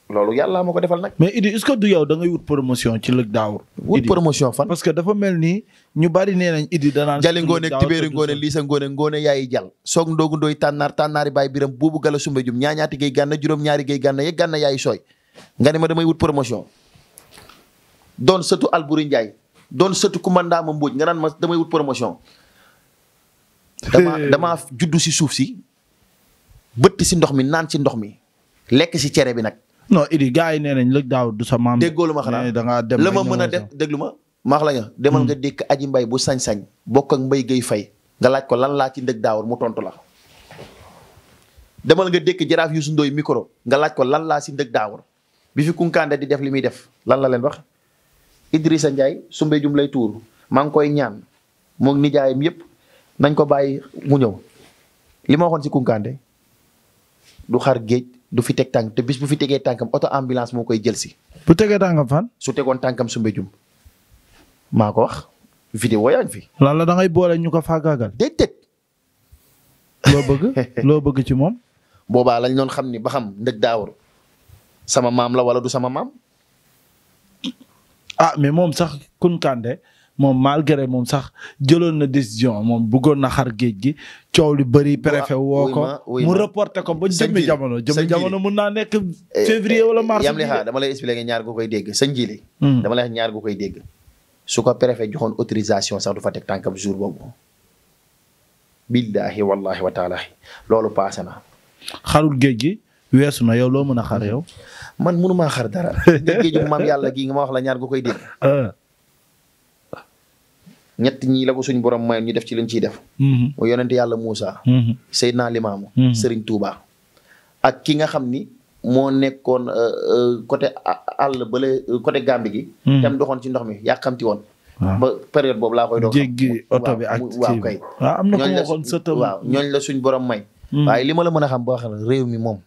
[SPEAKER 2] loolu yàlla moo
[SPEAKER 1] ko defal nag. mais Idi est que du yow da ngay wut promotion ci lëg daawur. wut promotion fan. parce que dafa mel ni ñu bari nee nañ Idi danaan. jali ngoone tibéeri ngoone liisa
[SPEAKER 2] ngoone ngoone yaayi jal
[SPEAKER 1] soog ndoogu ndooy
[SPEAKER 2] tànnaar tànnaari baay biram buubu gala sumba jum ñaañaati gay gànna juróom-ñaari gay gànna yeeg gànna yaayi sooy nga ne ma damay wut promotion doon sëtu Alburi Njaay doon sëtu kumandaama Mbooj nga naan ma damay wut promotion dama damaa juddu si suuf si
[SPEAKER 1] bëtt si ndox mi naan si ndox mi lekk si cere bi nag non Idi gaa yi nee nañ lëg daaw du sa maam. déggoo lu ma xanaa da dem la ma mën a def déglu ma. maax la hmm. nga demal nga dékk
[SPEAKER 2] aji mbay bu sañ-sañ bokk ak mbay gay fay nga laaj ko lan laa ci ndëg daawar mu tontu la. demal nga dékk jaraaf Youssou Ndoye nga laaj ko lan laa si ndëg daawar bi fi kunkaande di def li muy def lan la leen wax. sa Ndiaye su jum lay tuur maa ngi koy ñaan moog nijaayam yëpp nañ ko bàyyi mu ñëw li ma waxoon si kunkaande du xar géej. du fi teg tànk te bis bu fi tegee tànkam oto ambulance moo koy
[SPEAKER 1] jël si. bu tegee tànkam fan. su tegoon tànkam Soumbédioune maa ko wax. vidéo yaa ngi fi. lan la da ngay boole ñu ko faagaagal. déedéet. loo bëgg loo bëgg ci moom.
[SPEAKER 2] boobaa lañ doon xam ni ba xam ndëg daawar sama maam la wala du
[SPEAKER 1] sama maam. ah mais moom sax Kounkandé moom malgré moom sax jëloon na décision moom bëggoon na xar géej gi coow li bëri préfet woo ko mu reporté ko ba jëmmi jamono jëmmi jamono mun naa nekk eh, eh, février wala mars yam li xaa
[SPEAKER 2] dama lay expliqué ñaar gu koy dégg sëñ ji li hmm. dama ñaar gu koy dégg su ko préfet joxoon autorisation sax du fa teg tànkam jour boobu billaahi wallaahi wa loolu paase na
[SPEAKER 1] xarul géej gi weesu na yow loo mën a xar yow man mënumaa xar
[SPEAKER 3] dara géej maam yàlla
[SPEAKER 2] gii nga ma wax la ñaar gu koy dégg ah. ñett ñi la ko suñ borom mayoon ñu def ci liñ ciy def. Mhm. mu yonent yàlla Moussa. Mhm. Seydina Limaamu. Mhm. Serigne Touba. ak ki nga xam ni moo nekkoon euh, euh, côté àll bële euh, côté Gàmbi gi. tam doxoon ci ndox mi yàqamti woon. ba période boobu laa koy doon. jéggi oto bi ak waaw kay. am na ko waxoon ñooñ la suñ borom may. waaye li ma mën a xam boo xam ne mi moom.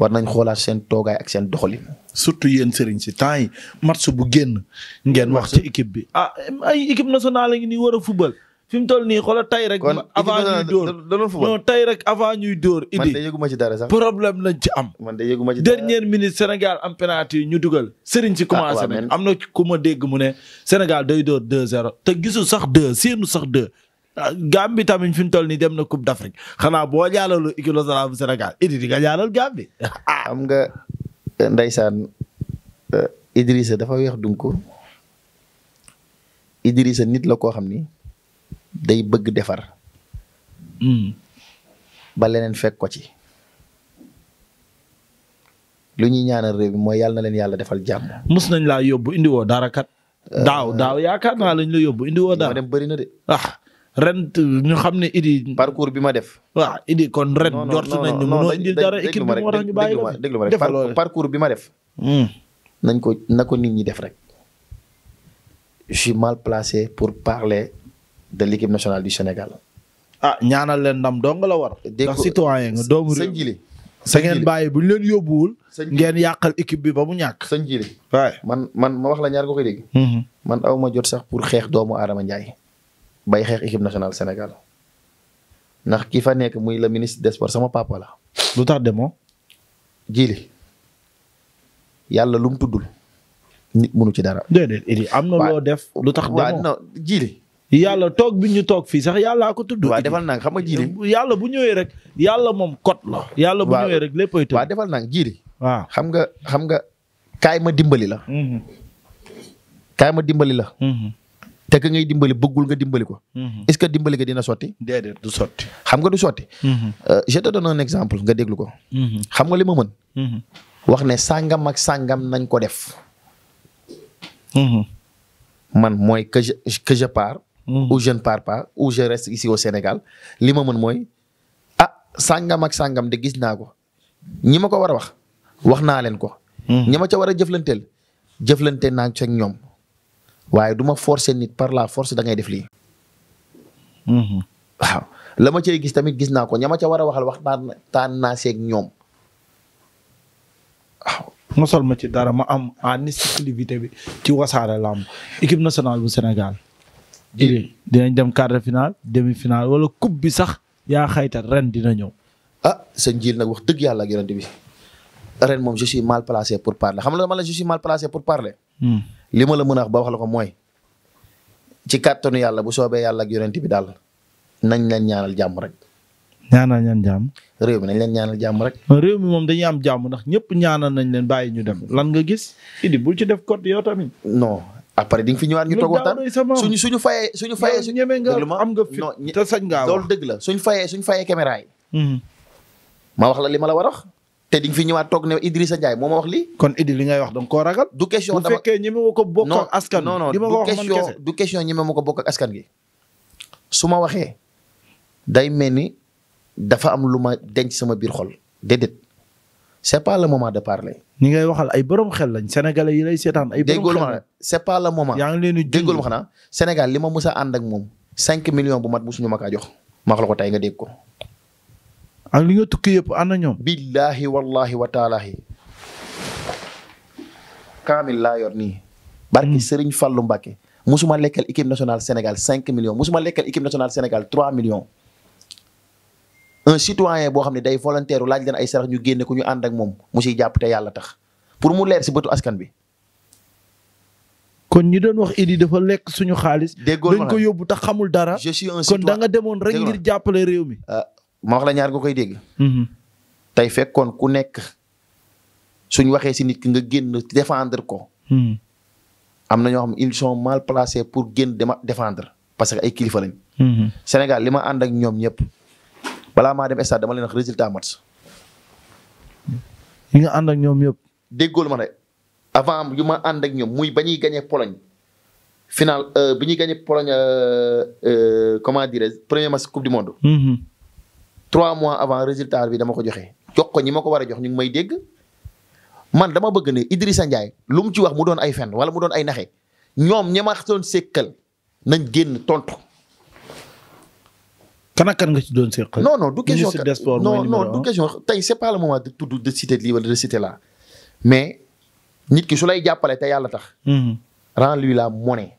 [SPEAKER 2] war nañ xoolaat seen toogaay ak seen doxalin. surtout
[SPEAKER 1] yéen sëriñ si temps yi match bu génn. ngeen wax ci équipe bi ah ay équipe nationale ngi nii war a football. fi mu toll nii xoolal tey rek. avant ñuy dóor non tey rek avant ñuy dóor. idi problème lañ ci am. man de yëguma ci dara dernière minute Sénégal am penalty ñu dugal. Serigne si ah, commencé nañ am na ku ma dégg mu ne Sénégal day door 2-0 te gisul sax 2 seenu sax 2 Ah, Gambie tamit fi mu toll nii dem na Coupe d'Afrique xanaa boo jaalalu équipe nationale bu Sénégal Idi di nga jaalal Gambie. Ah. xam nga
[SPEAKER 2] eh, ndeysaan eh, Idrissa dafa weex dunko Idrissa nit la koo xam ni day bëgg defar. Hmm. ba leneen fekk ko ci. lu ñuy ñaanal réew mi mooy yàlla leen yàlla defal jàmm.
[SPEAKER 1] mus nañ laa yóbbu indiwoo dara kat. Euh, daaw daaw yaakaar naa lañ la yóbbu indiwoo dara. ma dem bëri na de. ah ren euh, ñu xam ne Idi. parcours bi ma def. waaw Idi kon ren. njort nañ ñu mënoo indil dara équipe bi moo tax ñu bàyyi ko déglu ma rek parcours bi ma def.
[SPEAKER 2] Hmm. nañ ko na ko nit ñi def rek. je suis mal placé pour parler de l' équipe nationale du Sénégal. ah ñaanal leen ndam dong la war. dégg nga ndax citoyen nga doomu réew.
[SPEAKER 1] sëñ bu ñu leen yóbbuwul. ngeen yàqal équipe bi ba mu ñàkk. sëñ Jili. man man ma wax la ñaar ko koy dégg.
[SPEAKER 2] Hmm. man aw ma jot sax pour xeex doomu Adama Ndiaye. bay xeex équipe nationale Sénégal ndax ki fa nekk muy la ministre des sports sama papa la. lu tax demoo. jiili yàlla lu mu tuddul munu ci dara.
[SPEAKER 1] déedéet Idi am na loo def. lu tax demoo waaw jiili. yàlla toog bi ñu toog fii sax yàllaa ko tudd. waaw defal naa xam nga jiili. yàlla bu ñëwee rek yàlla moom kot la. yàlla bu ñëwee rek léppay tëdd. waaw defal naa jiili.
[SPEAKER 2] wa xam nga xam nga kaay ma dimbali la. Mhm. kaay ma dimbali la. Mhm. te ka ngay dimbali bëggul nga dimbali ko. Mhm. est-ce dimbali ko dina sotti. déedéet du sotti. xam nga du sotti. Mhm. Euh, je te exemple nga déglu ko. Mhm. xam nga li ma mën. wax ne sàngam ak sàngam nañ ko def. man mooy que je que je pars. ou je ne pars pas ou Sénégal li ma mën mooy a ah, sangam ak sàngam de gis naa ko ñi ma ko wara a wax wax naa leen ko. ñi ma ca war a jëflanteel jëflante naa ñoom. waaye duma ma forcer nit par la force da ngay def lii.
[SPEAKER 3] Mhm. waaw
[SPEAKER 2] la ma cay gis tamit gis naa ko ña ma ca war a waxal waxtaan taan naa seeg ñoom
[SPEAKER 1] waaw. mosal ma ci dara ma am en exclusivité bi ci wasaare lamb équipe nationale bu Sénégal. di dinañ dem quart de finale demi finale wala coupe bi sax yaa xayta ren dina ñëw.
[SPEAKER 2] ah sëñ Jil nag wax dëgg yàlla ak bi ren moom je suis mal placé pour parler xam nga man la je suis mal placé pour parler. Hmm. li ma la mën a wax ba wax la ko mooy ci kàttanu yàlla bu soobee yàlla ak yonent bi daal nañ leen ñaanal jàmm rek. ñaanal ñaan jàmm.
[SPEAKER 1] réew mi nañ leen ñaanal jàmm rek. réew mi moom dañuy am jàmm ndax ñëpp ñaanal nañ leen bàyyi ñu dem lan nga gis. Idi bul ci def code yow tamit. non après di fi ñëwaat ñu toog waxtaan suñu suñu fayee
[SPEAKER 2] suñu fayee suñu ñeme nga am nga fit te sañ nga loolu dëgg la suñu fayee suñu mhm. ma wax la li ma la war a te di nga fi ñëwaat toog ne Idrissa Ndiaye moo ma wax lii. kon Idr li ngay wax donc ko ragal. du question dama bu fekkee
[SPEAKER 1] ñi ma ko bokk ak askan. ma
[SPEAKER 2] ko bokk ak askan gi. su ma waxee day mel ni dafa am lu ma denc sama biir xol déedéet c'est pas le de parler. ñi ngay waxal ay borom xel lañ sénégalais yi lay seetaan ay. borom xel lañ déggoo c'est pas ngi leen di déggoo ma xanaa Sénégal li ma mus a ànd ak moom. 5 millions bu mat ñu ma kaa jox. ma wax ko tey nga dégg ko. am li nga tukki yëpp ana ñoom. billaahi wallaahi wa taalaahi. kaamil laa yor nii. barki hmm. Serigne Fallou Mbacké. musuma lekkal équipe nationale Sénégal cinq millions musuma lekkal équipe nationale Sénégal trois millions. un citoyen boo xam ne day volontaire laaj leen ay sarax ñu génne ko ñu ànd moom mu siy jàpp te yàlla tax pour mu leer si bëtu askan
[SPEAKER 1] bi. kon ñu doon wax Idi dafa lekk suñu xaalis. dañ ko yóbbu tax xamul dara. je kon da nga demoon rek ngir jàppale réew mi. Euh, ma wax la ñaar nga koy dégg.
[SPEAKER 3] Mm-hmm.
[SPEAKER 2] tey fekkoon ku nekk suñ waxee si nit ki nga génn défendre ko. Mm-hmm. am na ñoo xam ils sont mal placés pour génn dama défendre parce que ay kilifa lañ. Mm-hmm. Sénégal li ma ànd ñoom ñëpp balaa maa dem stade dama leen wax résultat
[SPEAKER 1] match. li nga ànd ñoom ñëpp.
[SPEAKER 2] déggool ma ne avant yu ma ànd ak ñoom muy ba ñuy gagné Pologne. final euh, bi ñuy gagné Pologne euh, euh, comment dirais premier match coupe du monde. trois mois avant résultat bi dama ko joxe jox ko ñi ma ko war a jox ñu ngi may dégg man dama bëgg ne Idrissa Ndiaye lu mu ci wax mu doon ay fen wala mu doon ay naxe ñoom ña ma doon sékkal nañ génn tontu.
[SPEAKER 1] kan kan nga ci doon sékkal. non non du question non
[SPEAKER 2] non du question tey c'est pas le moment de tudd de citer lii wala de citer là mais nit ki su lay jàppale te yàlla tax. Mhm. rend lui la monnaie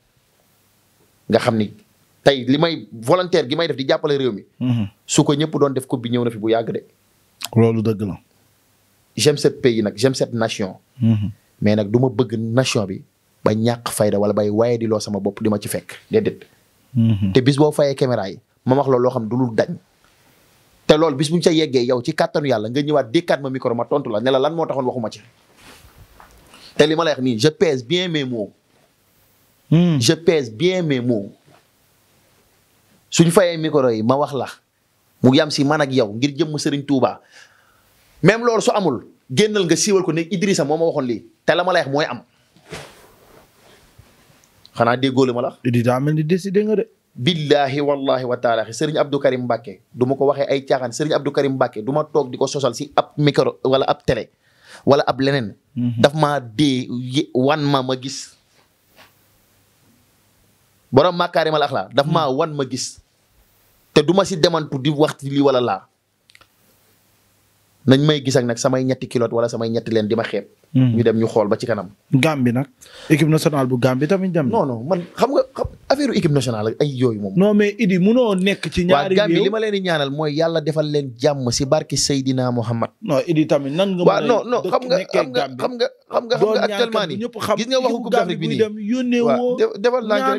[SPEAKER 2] nga xam ni. tey li may volontaire gi may def di jàppale réew mi. Mhm. su ko ñëpp doon def coupe bi ñëw na fi bu yàgg de. loolu dëgg la. j'aime ce pays nag set nation. Mhm. mais nag du ma bëgg nation bi ba ñàkk fayda wala bay waaye di loo sama bopp di ma ci fekk déedéet. Mhm. te bis boo fayee caméra yi ma wax loolu loo xam ne du lu dañ. te loolu bis bu ñu ca yeggee yow ci kàttanu yàlla nga ñëwaat dékkaat ma micro ma tontu la ne la lan moo taxoon waxuma ci. te li ma lay wax nii je pèse bien mes mots. je pèse suñ fayee micro yi ma wax la mu yam si man ak yow ngir jëmm sëriñ Touba même loolu su amul génnal nga siwal ko nekk Idrissa moo ma waxoon lii te ma lay wax mooy am xanaa déggoo li ma la.
[SPEAKER 1] di daa mel ni décidé nga
[SPEAKER 2] de. billahi wallahi wa taala Serigne Abdou Karim Mbacke du ma ko waxee ay caaxaan Serigne Abdou Karim Mbacke du toog di ko sosal si ab micro wala ab télé wala ab leneen. Mhm. daf maa dee wan ma ma gis. ma borom makaarimal axlaa daf hmm. maa wan ma gis te du ma si demantu di waxti lii wala laa nañ may gis ak nag samay ñetti kilote wala samay ñetti leen di ma xeeb. Hmm. ñu dem ñu xool ba ci kanam.
[SPEAKER 1] Gambie nag équipe nationale bu Gambie tamit dem. non non man xam nga affaire équipe nationale ak ay yooyu moom. non mais Idi munoo nekk ci ñaari. réew waaw li ma
[SPEAKER 2] leen di ñaanal mooy yàlla defal leen jàmm si barki
[SPEAKER 1] Seydina Muhammad. non Idi tamit nan nga. waaw non non xam nga xam nga xam nga xam nga xam nga actuellement nii. gis nga waxu Coupe d'Afrique bi nii waaw defal naa rek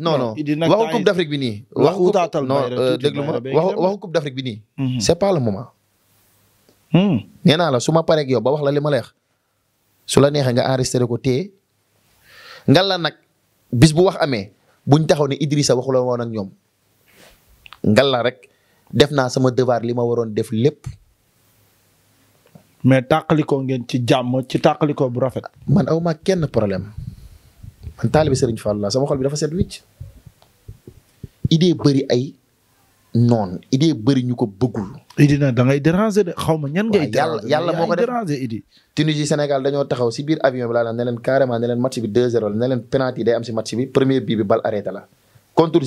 [SPEAKER 1] non non waxu Coupe d'Afrique bi nii. waxu non déglu ma waxu waxu Coupe d'Afrique bi nii.
[SPEAKER 2] c'est pas le moment. Hmm. nee naa la su ma paree ak yow ba wax la li ma leex su la neexee nga enregistré ko téye nga la nag bis bu wax amee. bu buñ taxaw ne Idrissa waxula woon ak ñoom ngalla rek def naa sama devoir li ma waroon def lépp. mais tàqalikoo ngeen ci jàmm ci tàqalikoo bu rafet. man awma kenn problème man taalibe Serigne Fall la sama xol bi dafa set wicc
[SPEAKER 1] idée bari ay noon idée bëri ñu ko bëggul. Idi na da ngay déranger de xaw ma ñan ngay. yàlla yàlla moo ko def déranger Idi.
[SPEAKER 2] Tunisie Sénégal dañoo taxaw si biir avion bi laa ne leen carrément ne leen match bi 2-0 ne leen penalty day am si bi premier bii bi bal arrêté la. contre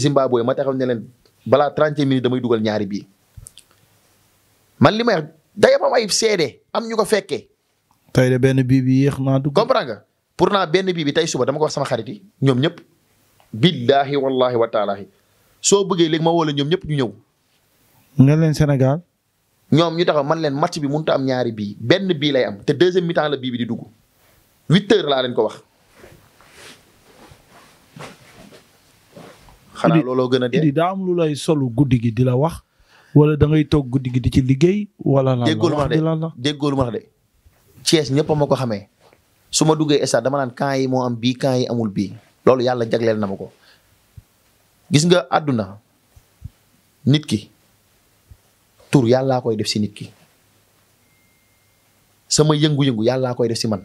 [SPEAKER 2] ma taxaw ne leen balaa 30 minutes damay dugal ñaari bii man li may wax day am ay seede am ñu ko fekkee.
[SPEAKER 1] tey de benn bii bi yéex naa dugg.
[SPEAKER 2] comprends pour naa benn bii bi tey suba dama ko wax sama xarit yi ñoom ñëpp. billaahi wallaahi wa taalaahi soo bëggee léegi ma woo ñoom ñëpp ñu ñëw.
[SPEAKER 1] nga leen Sénégal. ñoom
[SPEAKER 2] ñu taxaw man leen match bi mënut am ñaari bii benn bii lay am te deuxième mi-temps la bii bi di dugg huit laa leen ko wax. xanaa looloo gën a dee
[SPEAKER 1] daa am lu solu guddi gi di la wax wala da toog guddi gi di ci liggéey. wala la
[SPEAKER 2] wax di la la déggoo de
[SPEAKER 1] cees ñëpp ma ko xamee su ma duggee
[SPEAKER 2] stade dama naan camp yi moo am bii camp yi amul bii loolu yàlla jagleel na ma ko gis nga àdduna nit ki. tur yàllaa koy def si nit sama yëngu-yëngu yàllaa koy def si man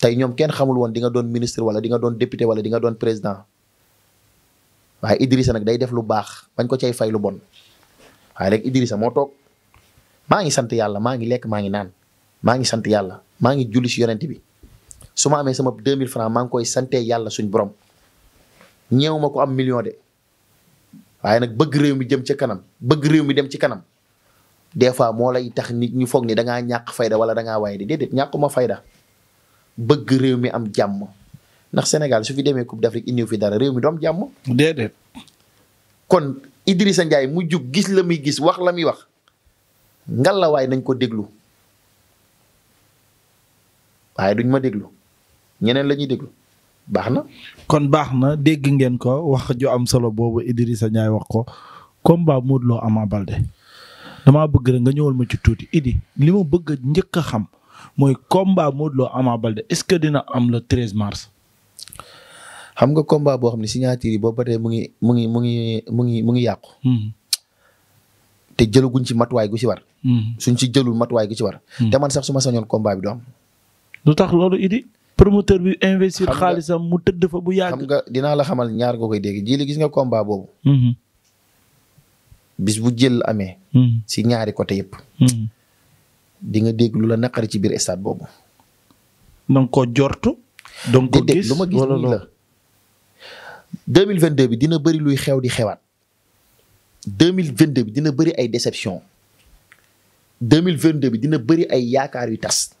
[SPEAKER 2] tey ñoom kenn xamul woon di nga doon ministre wala di nga doon député wala di nga doon président waaye Idrissa nag day def lu baax bañ ko cay fay lu bon waaye rek Idrissa moo toog maa ngi sant yàlla maa ngi lekk maa ngi naan maa ngi sant yàlla maa ngi julli si yonent bi su ma amee sama 2000 francs maa ngi koy sante yàlla suñ borom ñeewu ma ko am million de waaye nag bëgg réew mi jëm ci kanam bëgg réew mi dem ci kanam des fois moo lay tax nit ñu foog ni da ngaa ñàkk fayda wala da ngaa waaye di déedéet ñàkkuma fayda bëgg réew mi am jàmm ndax Sénégal su fi demee Coupe d'Afrique indiw fi dara réew mi doom am jàmm. déedéet. kon Idrissa Ndiaye mu jug gis la muy gis wax la muy wax ngalla waay nañ ko déglu waaye duñ ma déglu ñeneen la ñuy déglu.
[SPEAKER 1] baax na. kon baax na dégg ngeen ko wax ju am solo boobu Idrissa Ndiaye wax ko combat Modou loo Ama balde damaa bëgg rek nga ñëwal ma ci tuuti Idi li ma bëgg njëkk a xam mooy combat Modou Lo Ama Baldé est-ce que dina am le 13 mars.
[SPEAKER 2] xam nga combat boo xam ne signature yi boobu ba tey mu ngi mu ngi mu ngi mu ngi mu ngi yàqu. Hmm. te jëlaguñ ci matuwaay gu ci war. Hmm. suñ ci jëlu matuwaay gu ci war. Hmm. te man sax su ma sañoon combat bi du am. lu tax loolu Idi. promoteur bi investir xaalisam mu tëdd fa bu yàgg. xam nga dinaa la xamal ñaar nga koy dégg ji gis nga combat boobu. Mm-hmm. bis bu jël amee. Mm-hmm. si ñaari côté yëpp. Mm-hmm. di nga dégg lu la naqari ci biir stade boobu. donc ko jort donc ko gis lu ma gis nii la. 2022 bi dina bëri luy xew di xewaat. mille 2022 bi dina bëri ay mille déception. 2022 bi dina bëri ay yaakaar yu tas.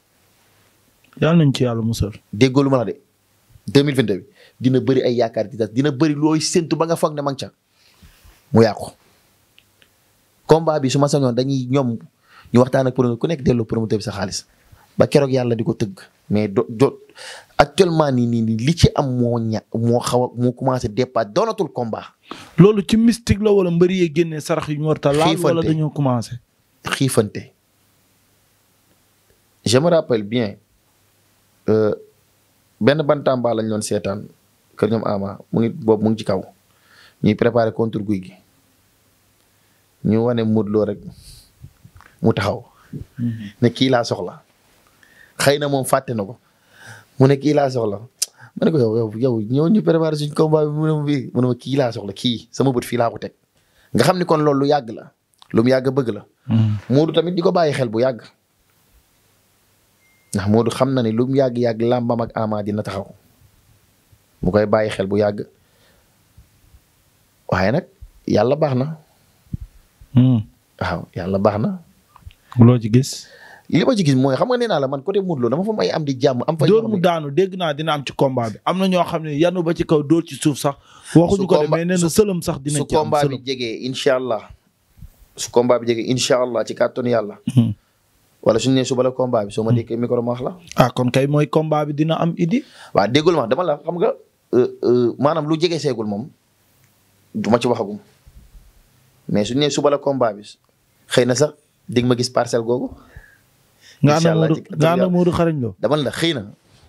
[SPEAKER 2] yàlla nañ ci yàlla musal. déggoo lu ma la de dina bëri ay yaakaar ci dina bëri looy séntu ba nga foog ne ma ca mu yàqu. combat bi su ma sañoon dañuy ñoom ñu waxtaan ak promoteur ku nekk delloo promoteur bi sa xaalis ba keroog yàlla di ko tëgg mais do do actuellement nii nii li ci am moo ña moo xaw a moo commencé départ
[SPEAKER 1] doonatul combat. loolu ci mystique la wala mbëri yee génnee sarax yi ñu war ta laal wala dañoo
[SPEAKER 2] commencé. xiifante
[SPEAKER 1] je me rappelle bien.
[SPEAKER 2] benn bantamba lañ doon seetaan kër ñoom Ama mu ngi ci kaw ñuy préparé contre guy gi ñu wane Modou Lo rek mu taxaw. Mhm. ne kii laa soxla xëy na moom fàtte na ko mu ne laa soxla ma ne ko yow yow ñëw ñu préparé suñ combat bi mu ne kii laa soxla kii sama bët fii laa teg. nga xam ni kon loolu lu yàgg la lu yàgg bëgg la. Mhm. Modou tamit di ko bàyyi xel bu yàgg. ndax Modou xam na ne lu mu yàgg-yàgg làmbam ak Ama dina taxaw mu koy bàyyi xel bu yàgg waaye nag yàlla baax na. Hmm. waaw yàlla
[SPEAKER 1] baax na. loo ci gis. li ma ci gis mooy xam nga nee naa la man côté Modou Lo dama fa may am di jàmm. am fa dóor mu daanu dégg naa dina am ci combat bi am na ñoo xam ne yanu ba ci kaw dóor ci suuf sax. waxuñu ko de mais nee na sëlëm sax dina ci am sëlëm
[SPEAKER 2] incha allah. su bi jege incha allah ci kàttanu yàlla. Hmm. wala suñu nee suba la combat bi soo ma hmm. déggee micro la. ah kon kay mooy combat bi dina am idi. waa déggul ma dama la xam nga euh, euh, maanaam lu jege seegul moom du ma ci waxagum mais suñu nee suba la combat bi xëy na sax dig ma gis parcelle googu.
[SPEAKER 1] incha allah nga ànd ak Modou xarañ loo dama la xëy na.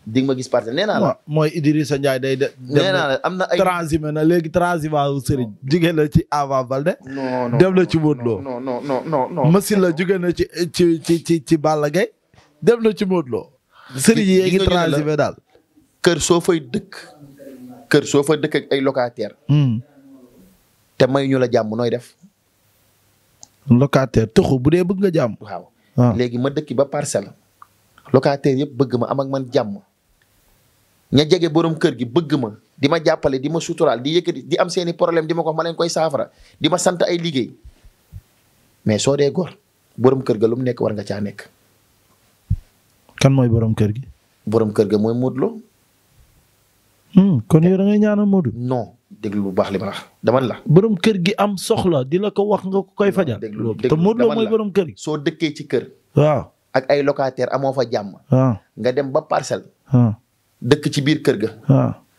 [SPEAKER 1] di ma gis parcelle nee naa la. mooy Idrissa Ndiaye day de. nee am na ay transhumé na léegi transhumant wu Serigne. jugee na ci Ama Baldé. non non dem na ci Modou Lo. la jugee na ci ci ci ci ci Balla Gaye dem na ci Modou Lo. Serigne yi ngi transhumé daal.
[SPEAKER 2] kër soo fay dëkk. kër soo fay dëkk ay locataire hmm. te may ñu la jàmm nooy def. locataire tëxu bu dee bëgg nga jàmm. waaw ah. léegi ma dëkki ba parcelle. locataire yëpp bëgg ma am ak man jàmm. ña jege borom kër gi bëgg ma di ma jàppale di ma suturaal di yëkkati di am seeni problème di ma ko ma leen koy saafara di ma sant ay liggéey mais soo dee gor borom kër ga lu mu nekk war nga caa nekk.
[SPEAKER 1] kan mooy borom kër gi. borom kër ga mooy Modou Lo. Hmm, kon yow da ngay ñaanal bu baax li ma wax la. borom kër gi am soxla di la ko wax nga koy fajal. déglu te Modou Lo
[SPEAKER 2] mooy borom kër gi. soo dëkkee ci kër. waaw ak ay locataire amoo fa jàmm. Ah. nga dem ba parcelle. Ah. dëkk ci biir kër ga.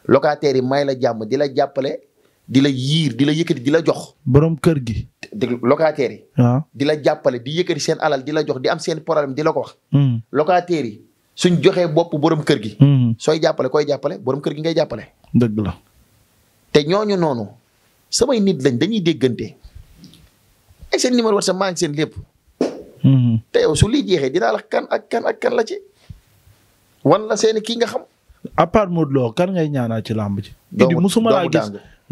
[SPEAKER 2] waaw yi may la jàmm di la jàppale di la yiir di la yëkkati di la jox.
[SPEAKER 1] borom kër gi.
[SPEAKER 2] dégg locataire yi. di la jàppale di yëkkati seen alal di la jox di am seen problème di la ko wax. Hmm. locataire yi suñ joxee bopp borom kër gi. Hmm. sooy jàppale koy jàppale borom kër gi ngay jàppale. dëgg la. te ñooñu noonu samay nit lañ dañuy déggante ay seen numéro WhatsApp maa ngi seen lépp. Hmm. te yow su lii jeexee dinaa la kan ak kan ak la ci. wan
[SPEAKER 1] la seen kii nga xam. à part Modou Lo kan ngay ñaanal ci làmb ji. idi musuma laa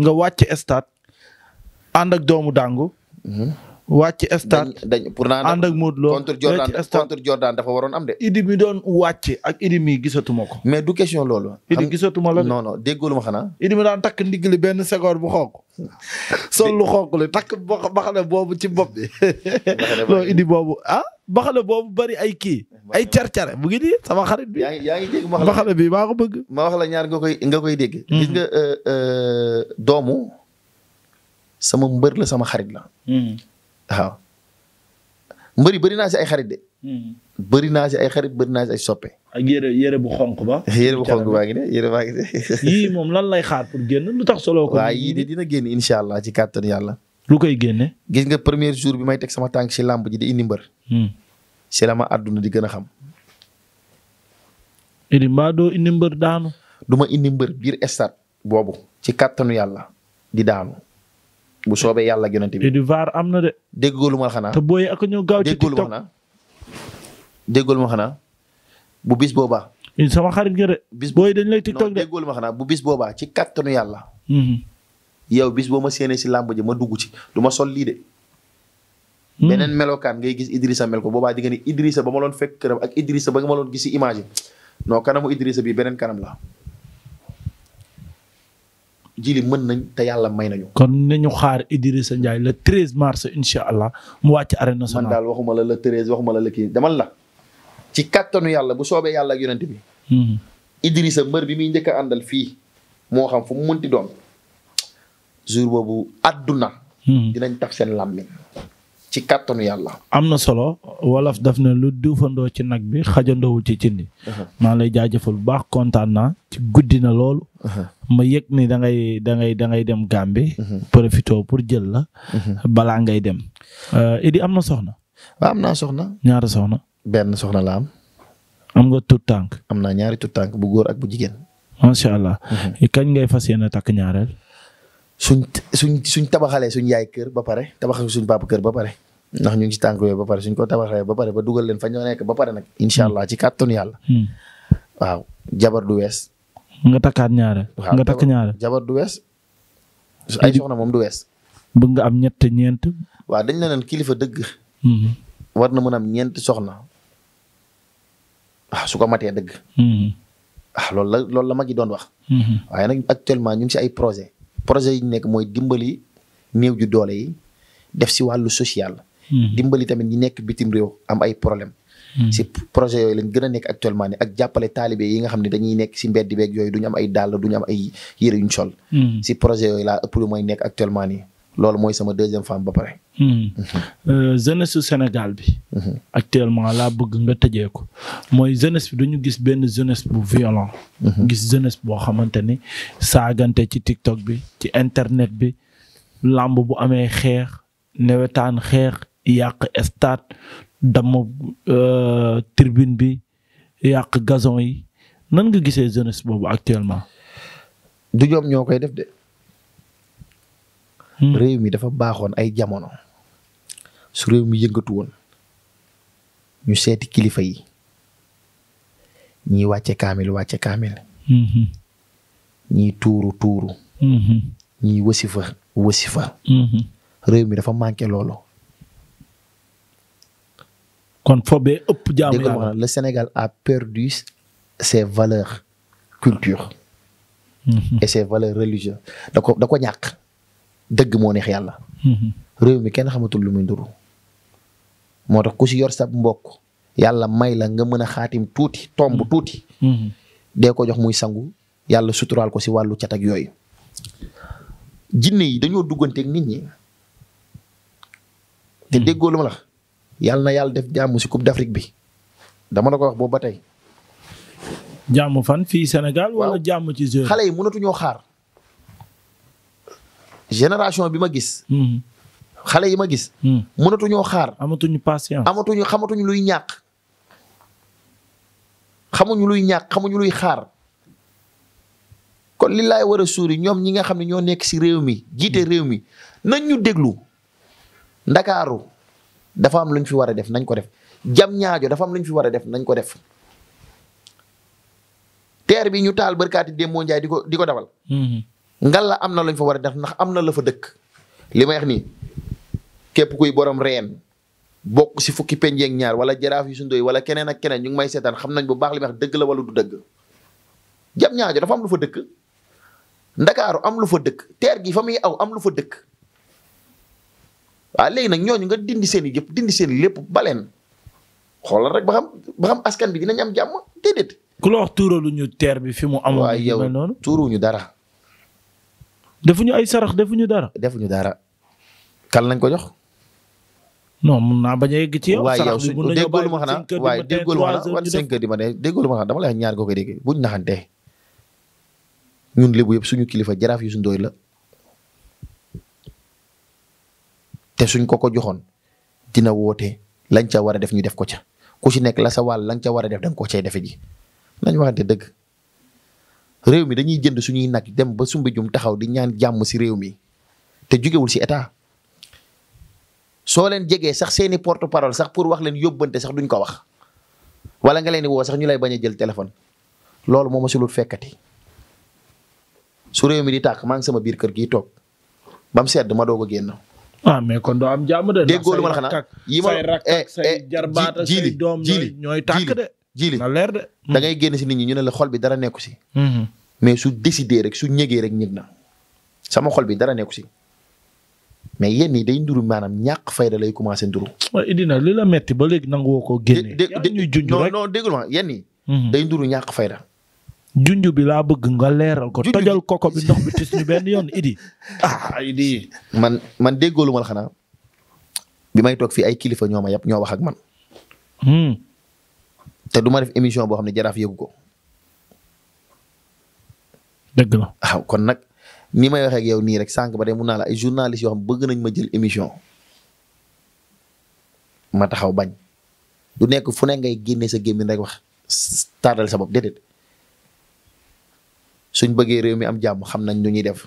[SPEAKER 1] nga wàcc stade ànd ak doomu dàngu. Hmm. wàcc stade dañ pour naan ànd ak Modou Lo contre Jordan contre
[SPEAKER 2] Jordan dafa waroon am de.
[SPEAKER 1] idi mi doon wàcce ak idi mi gisatuma ko. mais du question loolu. idi gisatuma la de non non ma xanaa. idi mi daan takk ndigg benn seconde bu xonk. sol lu xonk li takk ba xam boobu ci bopp bi. idi boobu ah? baxale boobu bari ay kii ay car-car mu ngi nii sama xarit bi. yaa ngi dégg baxale
[SPEAKER 2] bi maa bëgg. ma wax la nga koy nga koy dégg. Hmm. gis euh, euh, doomu sama mbër la sama xarit la. Hmm. waaw mbëri bëri naa si ay xarit de. Hmm. bëri si ay xarit bëri naa si ay soppe.
[SPEAKER 1] ak yére yére bu xonq ba. yére bu xonk baa ngi ne yére yii moom lan lay xaar pour génn lu tax solo ko. yii de
[SPEAKER 2] dina génn incha allah ci kàttan yàlla. lu koy génne. gis nga première jour bi may teg sama tànk ci làmb ji di indi mbër. ci la ma àdduna di gën a xam. idi mbaa doo indi mbër daanu. du ma indi mbër biir stade boobu ci kàttanu yàlla di daanu. bu soobee yàlla yonent bi. idi vaar am na de. déggoo lu ma xanaa. te booy ak ma xanaa bu bis boobaa.
[SPEAKER 1] sama xarit nga de. booy dañ lay TikTok
[SPEAKER 2] de. déggoo lu ma xanaa bu bis boobaa ci kàttanu yàlla. Hmm. yow bis boo ma séenee si làmb ji ma dugg ci duma ma sol lii de. Hmm. beneen melokaan ngay gis Idrissa mel ko boobaa di nga ni ba ma loon fekk këram ak Idrissa ba ma loon gis si image yi non kanamu Idrissa bi beneen kanam la. jili mën nañ te
[SPEAKER 1] yàlla may nañu. kon ñu xaar Idrissa Ndiaye le 13 mars incha allah mu wàcc arène nationale. man
[SPEAKER 2] daal waxuma la le 13 waxuma la le kii demal la. ci kattanu yàlla bu soobee yàlla ak yonent bi. Hmm. Idrissa mbër bi muy njëkk àndal fii moo xam fu mu munti doon. jour boobu àdduna. Hmm. dinañ taf seen làmmiñ ci kàttanu yàlla.
[SPEAKER 1] am na solo wolof daf na lu duufandoo ci nag bi xajandoowul ci cindi uh-huh. maa lay jaajëfal bu baax kontaan naa. ci guddi na loolu. Uh-huh. ma yëg ni da ngay da ngay da ngay dem Gambie. Uh-huh. profité pour jël la. balaa ngay dem. Uh, Idi am na soxna. waaw am naa soxna. ñaari soxna. benn soxna la am. am nga tut tànk. am naa ñaari tout tànk bu góor ak bu jigéen. macha allah. kañ ngay fas yéene takk ñaareel. suñ suñ suñ
[SPEAKER 2] tabaxalee suñ yaay kër ba pare tabaxal suñ papa kër ba pare
[SPEAKER 1] ndax ñu ngi ci tànk
[SPEAKER 2] yooyu ba pare suñ ko tabaxalee ba pare ba dugal leen fa ñoo nekk ba pare nag incha hmm. allah ci kàttanu yàlla hmm. waaw jabar du wees
[SPEAKER 1] nga takkaat ñaare nga takk ñaare jabar du wees su ay soxna moom du wees bëgg nga am ñett ñeent
[SPEAKER 2] waa dañ la neen kilifa dëgg hmm. war na mën am ñeent soxna waaw ah, su ko matee dëgg ah loolu la loolu la mag yi doon wax waaye nag actuellement ñu si ay projet projet yi nekk mooy dimbali néew ju doole yi def si wàllu social. Mhm. dimbali tamit ñi nekk bitim réew am ay problème si mhm. projet yooyu lañ gën a nekk actuellement ni ak jàppale taalibe yi nga xam ne dañuy nekk si mbedd beeg yooyu du ñu am ay dàll du ñu am ay yére yuñ sol. si mhm. projet yooyu laa ëpp lu mooy nekk actuellement nii. loolu mooy sama deuxième femme ba pare.
[SPEAKER 1] Hmm. Euh, jeunesse su Sénégal bi. Hmm. actuellement laa bëgg nga tëjee ko mooy jeunesse bi dañu gis benn jeunesse bu violent. Hmm. gis jeunesse boo xamante ni saagante ci TikTok bi ci internet bi làmb bu amee xeex newetaan xeex yàq stade damm euh, tirbine bi yàq gazon yi nan nga gisee jeunesse boobu actuellement. du ñoom ñoo koy def de.
[SPEAKER 2] Hmm. réew mi dafa baaxoon ay jamono su réew mi yëngatu woon ñu seeti kilifa yi ñiy wàcce kaamil wàcce kaamil. Hmm. ñiy tuuru tuuru. Hmm. ñiy wasifa wasifa. réew mi dafa manqué loolu. kon foobee ëpp jaamu yàlla le Sénégal a perdu ses valeurs culture. et ses valeurs religieuses da ko da dëgg moo neex yàlla. Mhm. réew mi kenn xamatul lu muy nduru moo tax ku ci yor sab mbokk yàlla may la nga mën a xaatim tuuti tomb mhm. tuuti. Mhm. dee ko jox muy sangu yàlla suturaal ko si wàllu cat ak yooyu. jinne yi dañoo dugganteeg nit ñi. te déggoo lu ma la yàlla na yàlla def jàmm si coupe d'Afrique bi dama la ko wax boobu ba tey. jàmm fan fii Sénégal. wala jàmm ci. xale yi mënatuñoo xaar. génération bi ma gis. Hmm. xale yi ma gis. Hmm. mënatuñoo xaar. amatuñu patience amatuñu xamatuñu luy ñàkk. xamuñu luy ñàkk luy xaar. kon li laay war a suuri ñoom ñi nga xam ne ñoo nekk si réew mi jiite hmm. réew mi nañ ñu déglu. ndakaaru dafa am luñ fi war a def nañ ko def jam ñaajo dafa am lu fi war a def nañ ko def. teer bi ñu taal barkaati Demba Ndiaye di ko di ngal la am na lañ fa war a def ndax am na la fa dëkk li may wax nii képp kuy borom reen bokk si fukki penjeeg ñaar wala jaraaf yi sundoy wala keneen ak keneen ñu ngi may seetaan xam nañ bu baax li may dëgg la wala du dëgg jam ñaajo dafa am lu fa dëkk ndakaaru am lu fa dëkk teer gi fa muy aw am lu fa dëkk waaw léegi nag ñooñu nga dindi seen i yëpp dindi seen i lépp
[SPEAKER 1] baleen xoolal rek ba xam ba xam askan bi dinañ am jàmm déedéet. ku la wax tuuralu ñu teer bi fi mu. amoon yow noonu tuuruñu dara. defuñu ay sarax defuñu dara. defuñu dara. kan lañ ko jox. non mun naa bañ a
[SPEAKER 2] yegg ci yow. sarax bi mun nañoo bàyyi ba 5 ma xanaa waaye cinq heures di ma ne déggoo ma xanaa dama ñun lébu yëpp suñu kilifa jaraaf yu suñ doy la te suñ ko ko joxoon dina woote lañ ca war a def ñu def ko ca ku ci nekk la sa wàll lañ ca war a def danga ko cay defe ji nañ waxante dëgg. réew mi dañuy jënd suñuy nag dem ba sumbi jum taxaw di ñaan jàmm si réew mi te jugewul si état soo leen jegee sax seeni porte parole sax pour wax leen yóbbante sax duñ ko wax wala nga leen di woo sax ñu lay bañ a jël téléphone loolu moom ma si lu fekkati su réew mi di tàkk maa ngi sama biir kër gi toog bam sedd ma doog a génn. ah mais kon doo am jàmm de. déggoo ma la eh, eh, jarbaat say doom ñooy jili na leer de. da ngay génn si nit ñi ñu ne la xol bi dara nekku si. Mhm. mais su décidé rek su ñëgee rek ñëg na sama xol bi dara nekku si. mais yéen yi day nduru maanaam ñàkk fayda lay commencé nduru.
[SPEAKER 1] waaw Idina li la metti ba léegi nangu woo dé dé junj rek non non déggul ma mhm. bi laa bëgg nga leeral ko. tojal koko bi ndox bi tis ñu benn yoon Idi. ah Idi. man man ma la xanaa
[SPEAKER 2] bi may toog fii ay kilifa ñoo ma yab ñoo wax man. Hmm. te du ma def émission boo xam ne jaraaf yëgu ko. dëgg kon nag ni may waxee ak yow nii rek sànq ba de mun naa la ay journaliste yoo xam bëgg nañ ma jël émission ma taxaw bañ du nekk fu ne ngay génnee sa gémmin rek wax tardal sa bopp suñ bëggee réew mi am jàmm xam nañ nu ñuy def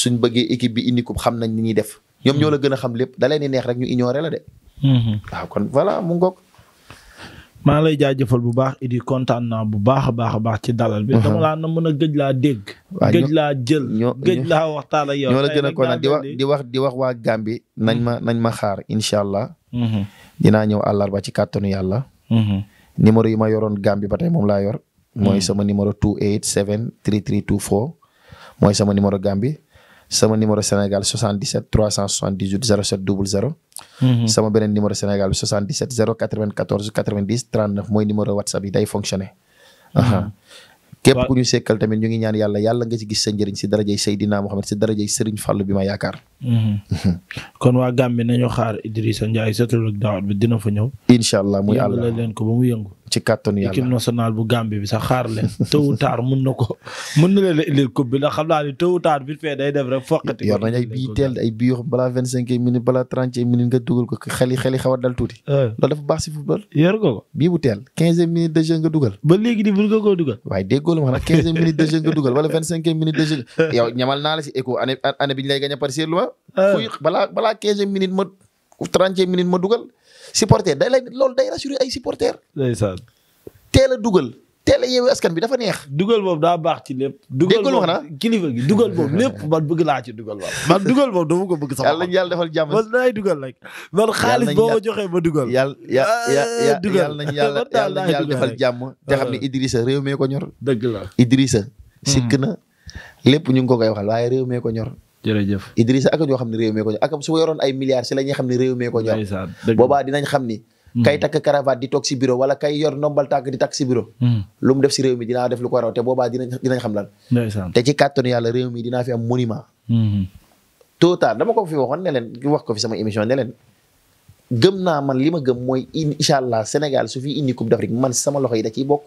[SPEAKER 2] suñ bëggee équipe bi indi ko xam nañ nu ñuy def ñoom ñoo la gën a xam lépp da leen di neex rek ñu ignorer la de.
[SPEAKER 1] Mm-hmm. waaw mu ngoog. maa lay jëfal bu baax idi kontaan naa bu baax a baax a baax ci dalal bi. dama mhm. laa na mën a gëj laa dégg. gëj laa jël. gëj laa waxtaan ak yow. ñoo la gën a ko di wax
[SPEAKER 2] di wax di wax waa Gambie. nañ mhm. ma nañ ma xaar incha allah. Mhm. dinaa ñëw àllarba ci kàttanu yàlla. numéro yi ma yoroon Gambie ba tey moom laa yor. mooy sama numéro 287 3324 mooy sama numéro Gambie. sama numéro Sénégal 77 378 07 00. Mhm. sama beneen numéro Sénégal bi 77 094 90 39 mooy numéro WhatsApp yi day fonctionné. Mhm. képp ku ñu sekkal tamit ñu ngi ñaan yàlla yàlla nga ci gis sa njëriñ si darajay Seydina Mohamed si darajay Serigne Fall bi ma yaakaar.
[SPEAKER 1] Mhm. kon waa Gambie nañu xaar Idrissa Ndiaye sa tur bi dina fa ñëw. incha allah muy àll leen ko ba mu yëngu. ci kàttanu yàlla équipe nationale mun na ko mun na leen indil coupe bi xam naa ni tôt ou tard vite fait day def rek balaa vingt cinq minutes balaa trente minutes nga dugal ko xeli
[SPEAKER 2] xeli xaw a dal tuuti eh. loolu dafa baax si football yor ko minutes de dugal waaye déggoo la ma xanaa quinze minutes de jeu nga dugal balaa balaa minutes ma dugal supporter day lay loolu day rassurer ay supporter ndeysaan teel a dugal
[SPEAKER 1] teel a yeewu askan bi dafa neex. dugal boobu daa baax ci lépp. dugal boobu kilifa gi dugal boobu lépp man bëgg laa ci dugal waaw. man dugal boobu dama ko bëgg sama. yàlla yàlla defal jàmm man naay dugal rek. man xaalis boo ma joxee ma dugal. yàlla ah, yàlla yàlla yàlla yàlla defal jàmm. te xam ne ah.
[SPEAKER 2] Idrissa réew mee ko ñor. dëgg la Idrissa. sikk hmm. na lépp ñu ngi ko koy waxal waaye réew mee ko ñor. jërëjëf Idrissa ak ñoo xam ne réew mee ko ñor ak su ma yoroon ay milliards boobaa dinañ xam ni hmm. kay takk cravate di toog si bureau wala kay yor ndombal tànk di takk si bureau hmm. lu def si réew mi dinaa def lu ko raw te boobaa dinañ xam lan te ci kàttanu yàlla réew mi dinaa fi am monument hmm. total dama ko fi waxoon ne leen wax ko fi sama émission ne gëm naa man li ma gëm mooy incha allah Sénégal su fi indi Coupe d'Afrique man sama loxo yi da ciy bokk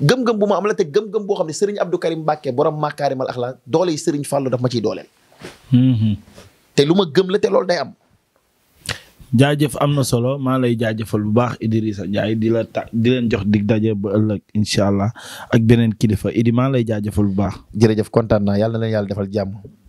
[SPEAKER 2] gëm-gëm bu ma am la te gëm-gëm boo xam ne Serigne Abdou Karim Mbacke borom makaarimal axlaa doole yi Serigne Fallou daf
[SPEAKER 1] ma ciy dooleel. Mhm. te lu ma gëm la te loolu day am. jaajëf am na solo maa lay jaajëfal bu baax idi Idrissa Ndiaye di la ta di leen jox dig daje ba ëllëg
[SPEAKER 3] incha allah ak beneen kilifa Idi maa lay jaajëfal bu baax. jërëjëf kontaan naa yàlla na leen yàlla defal jàmm.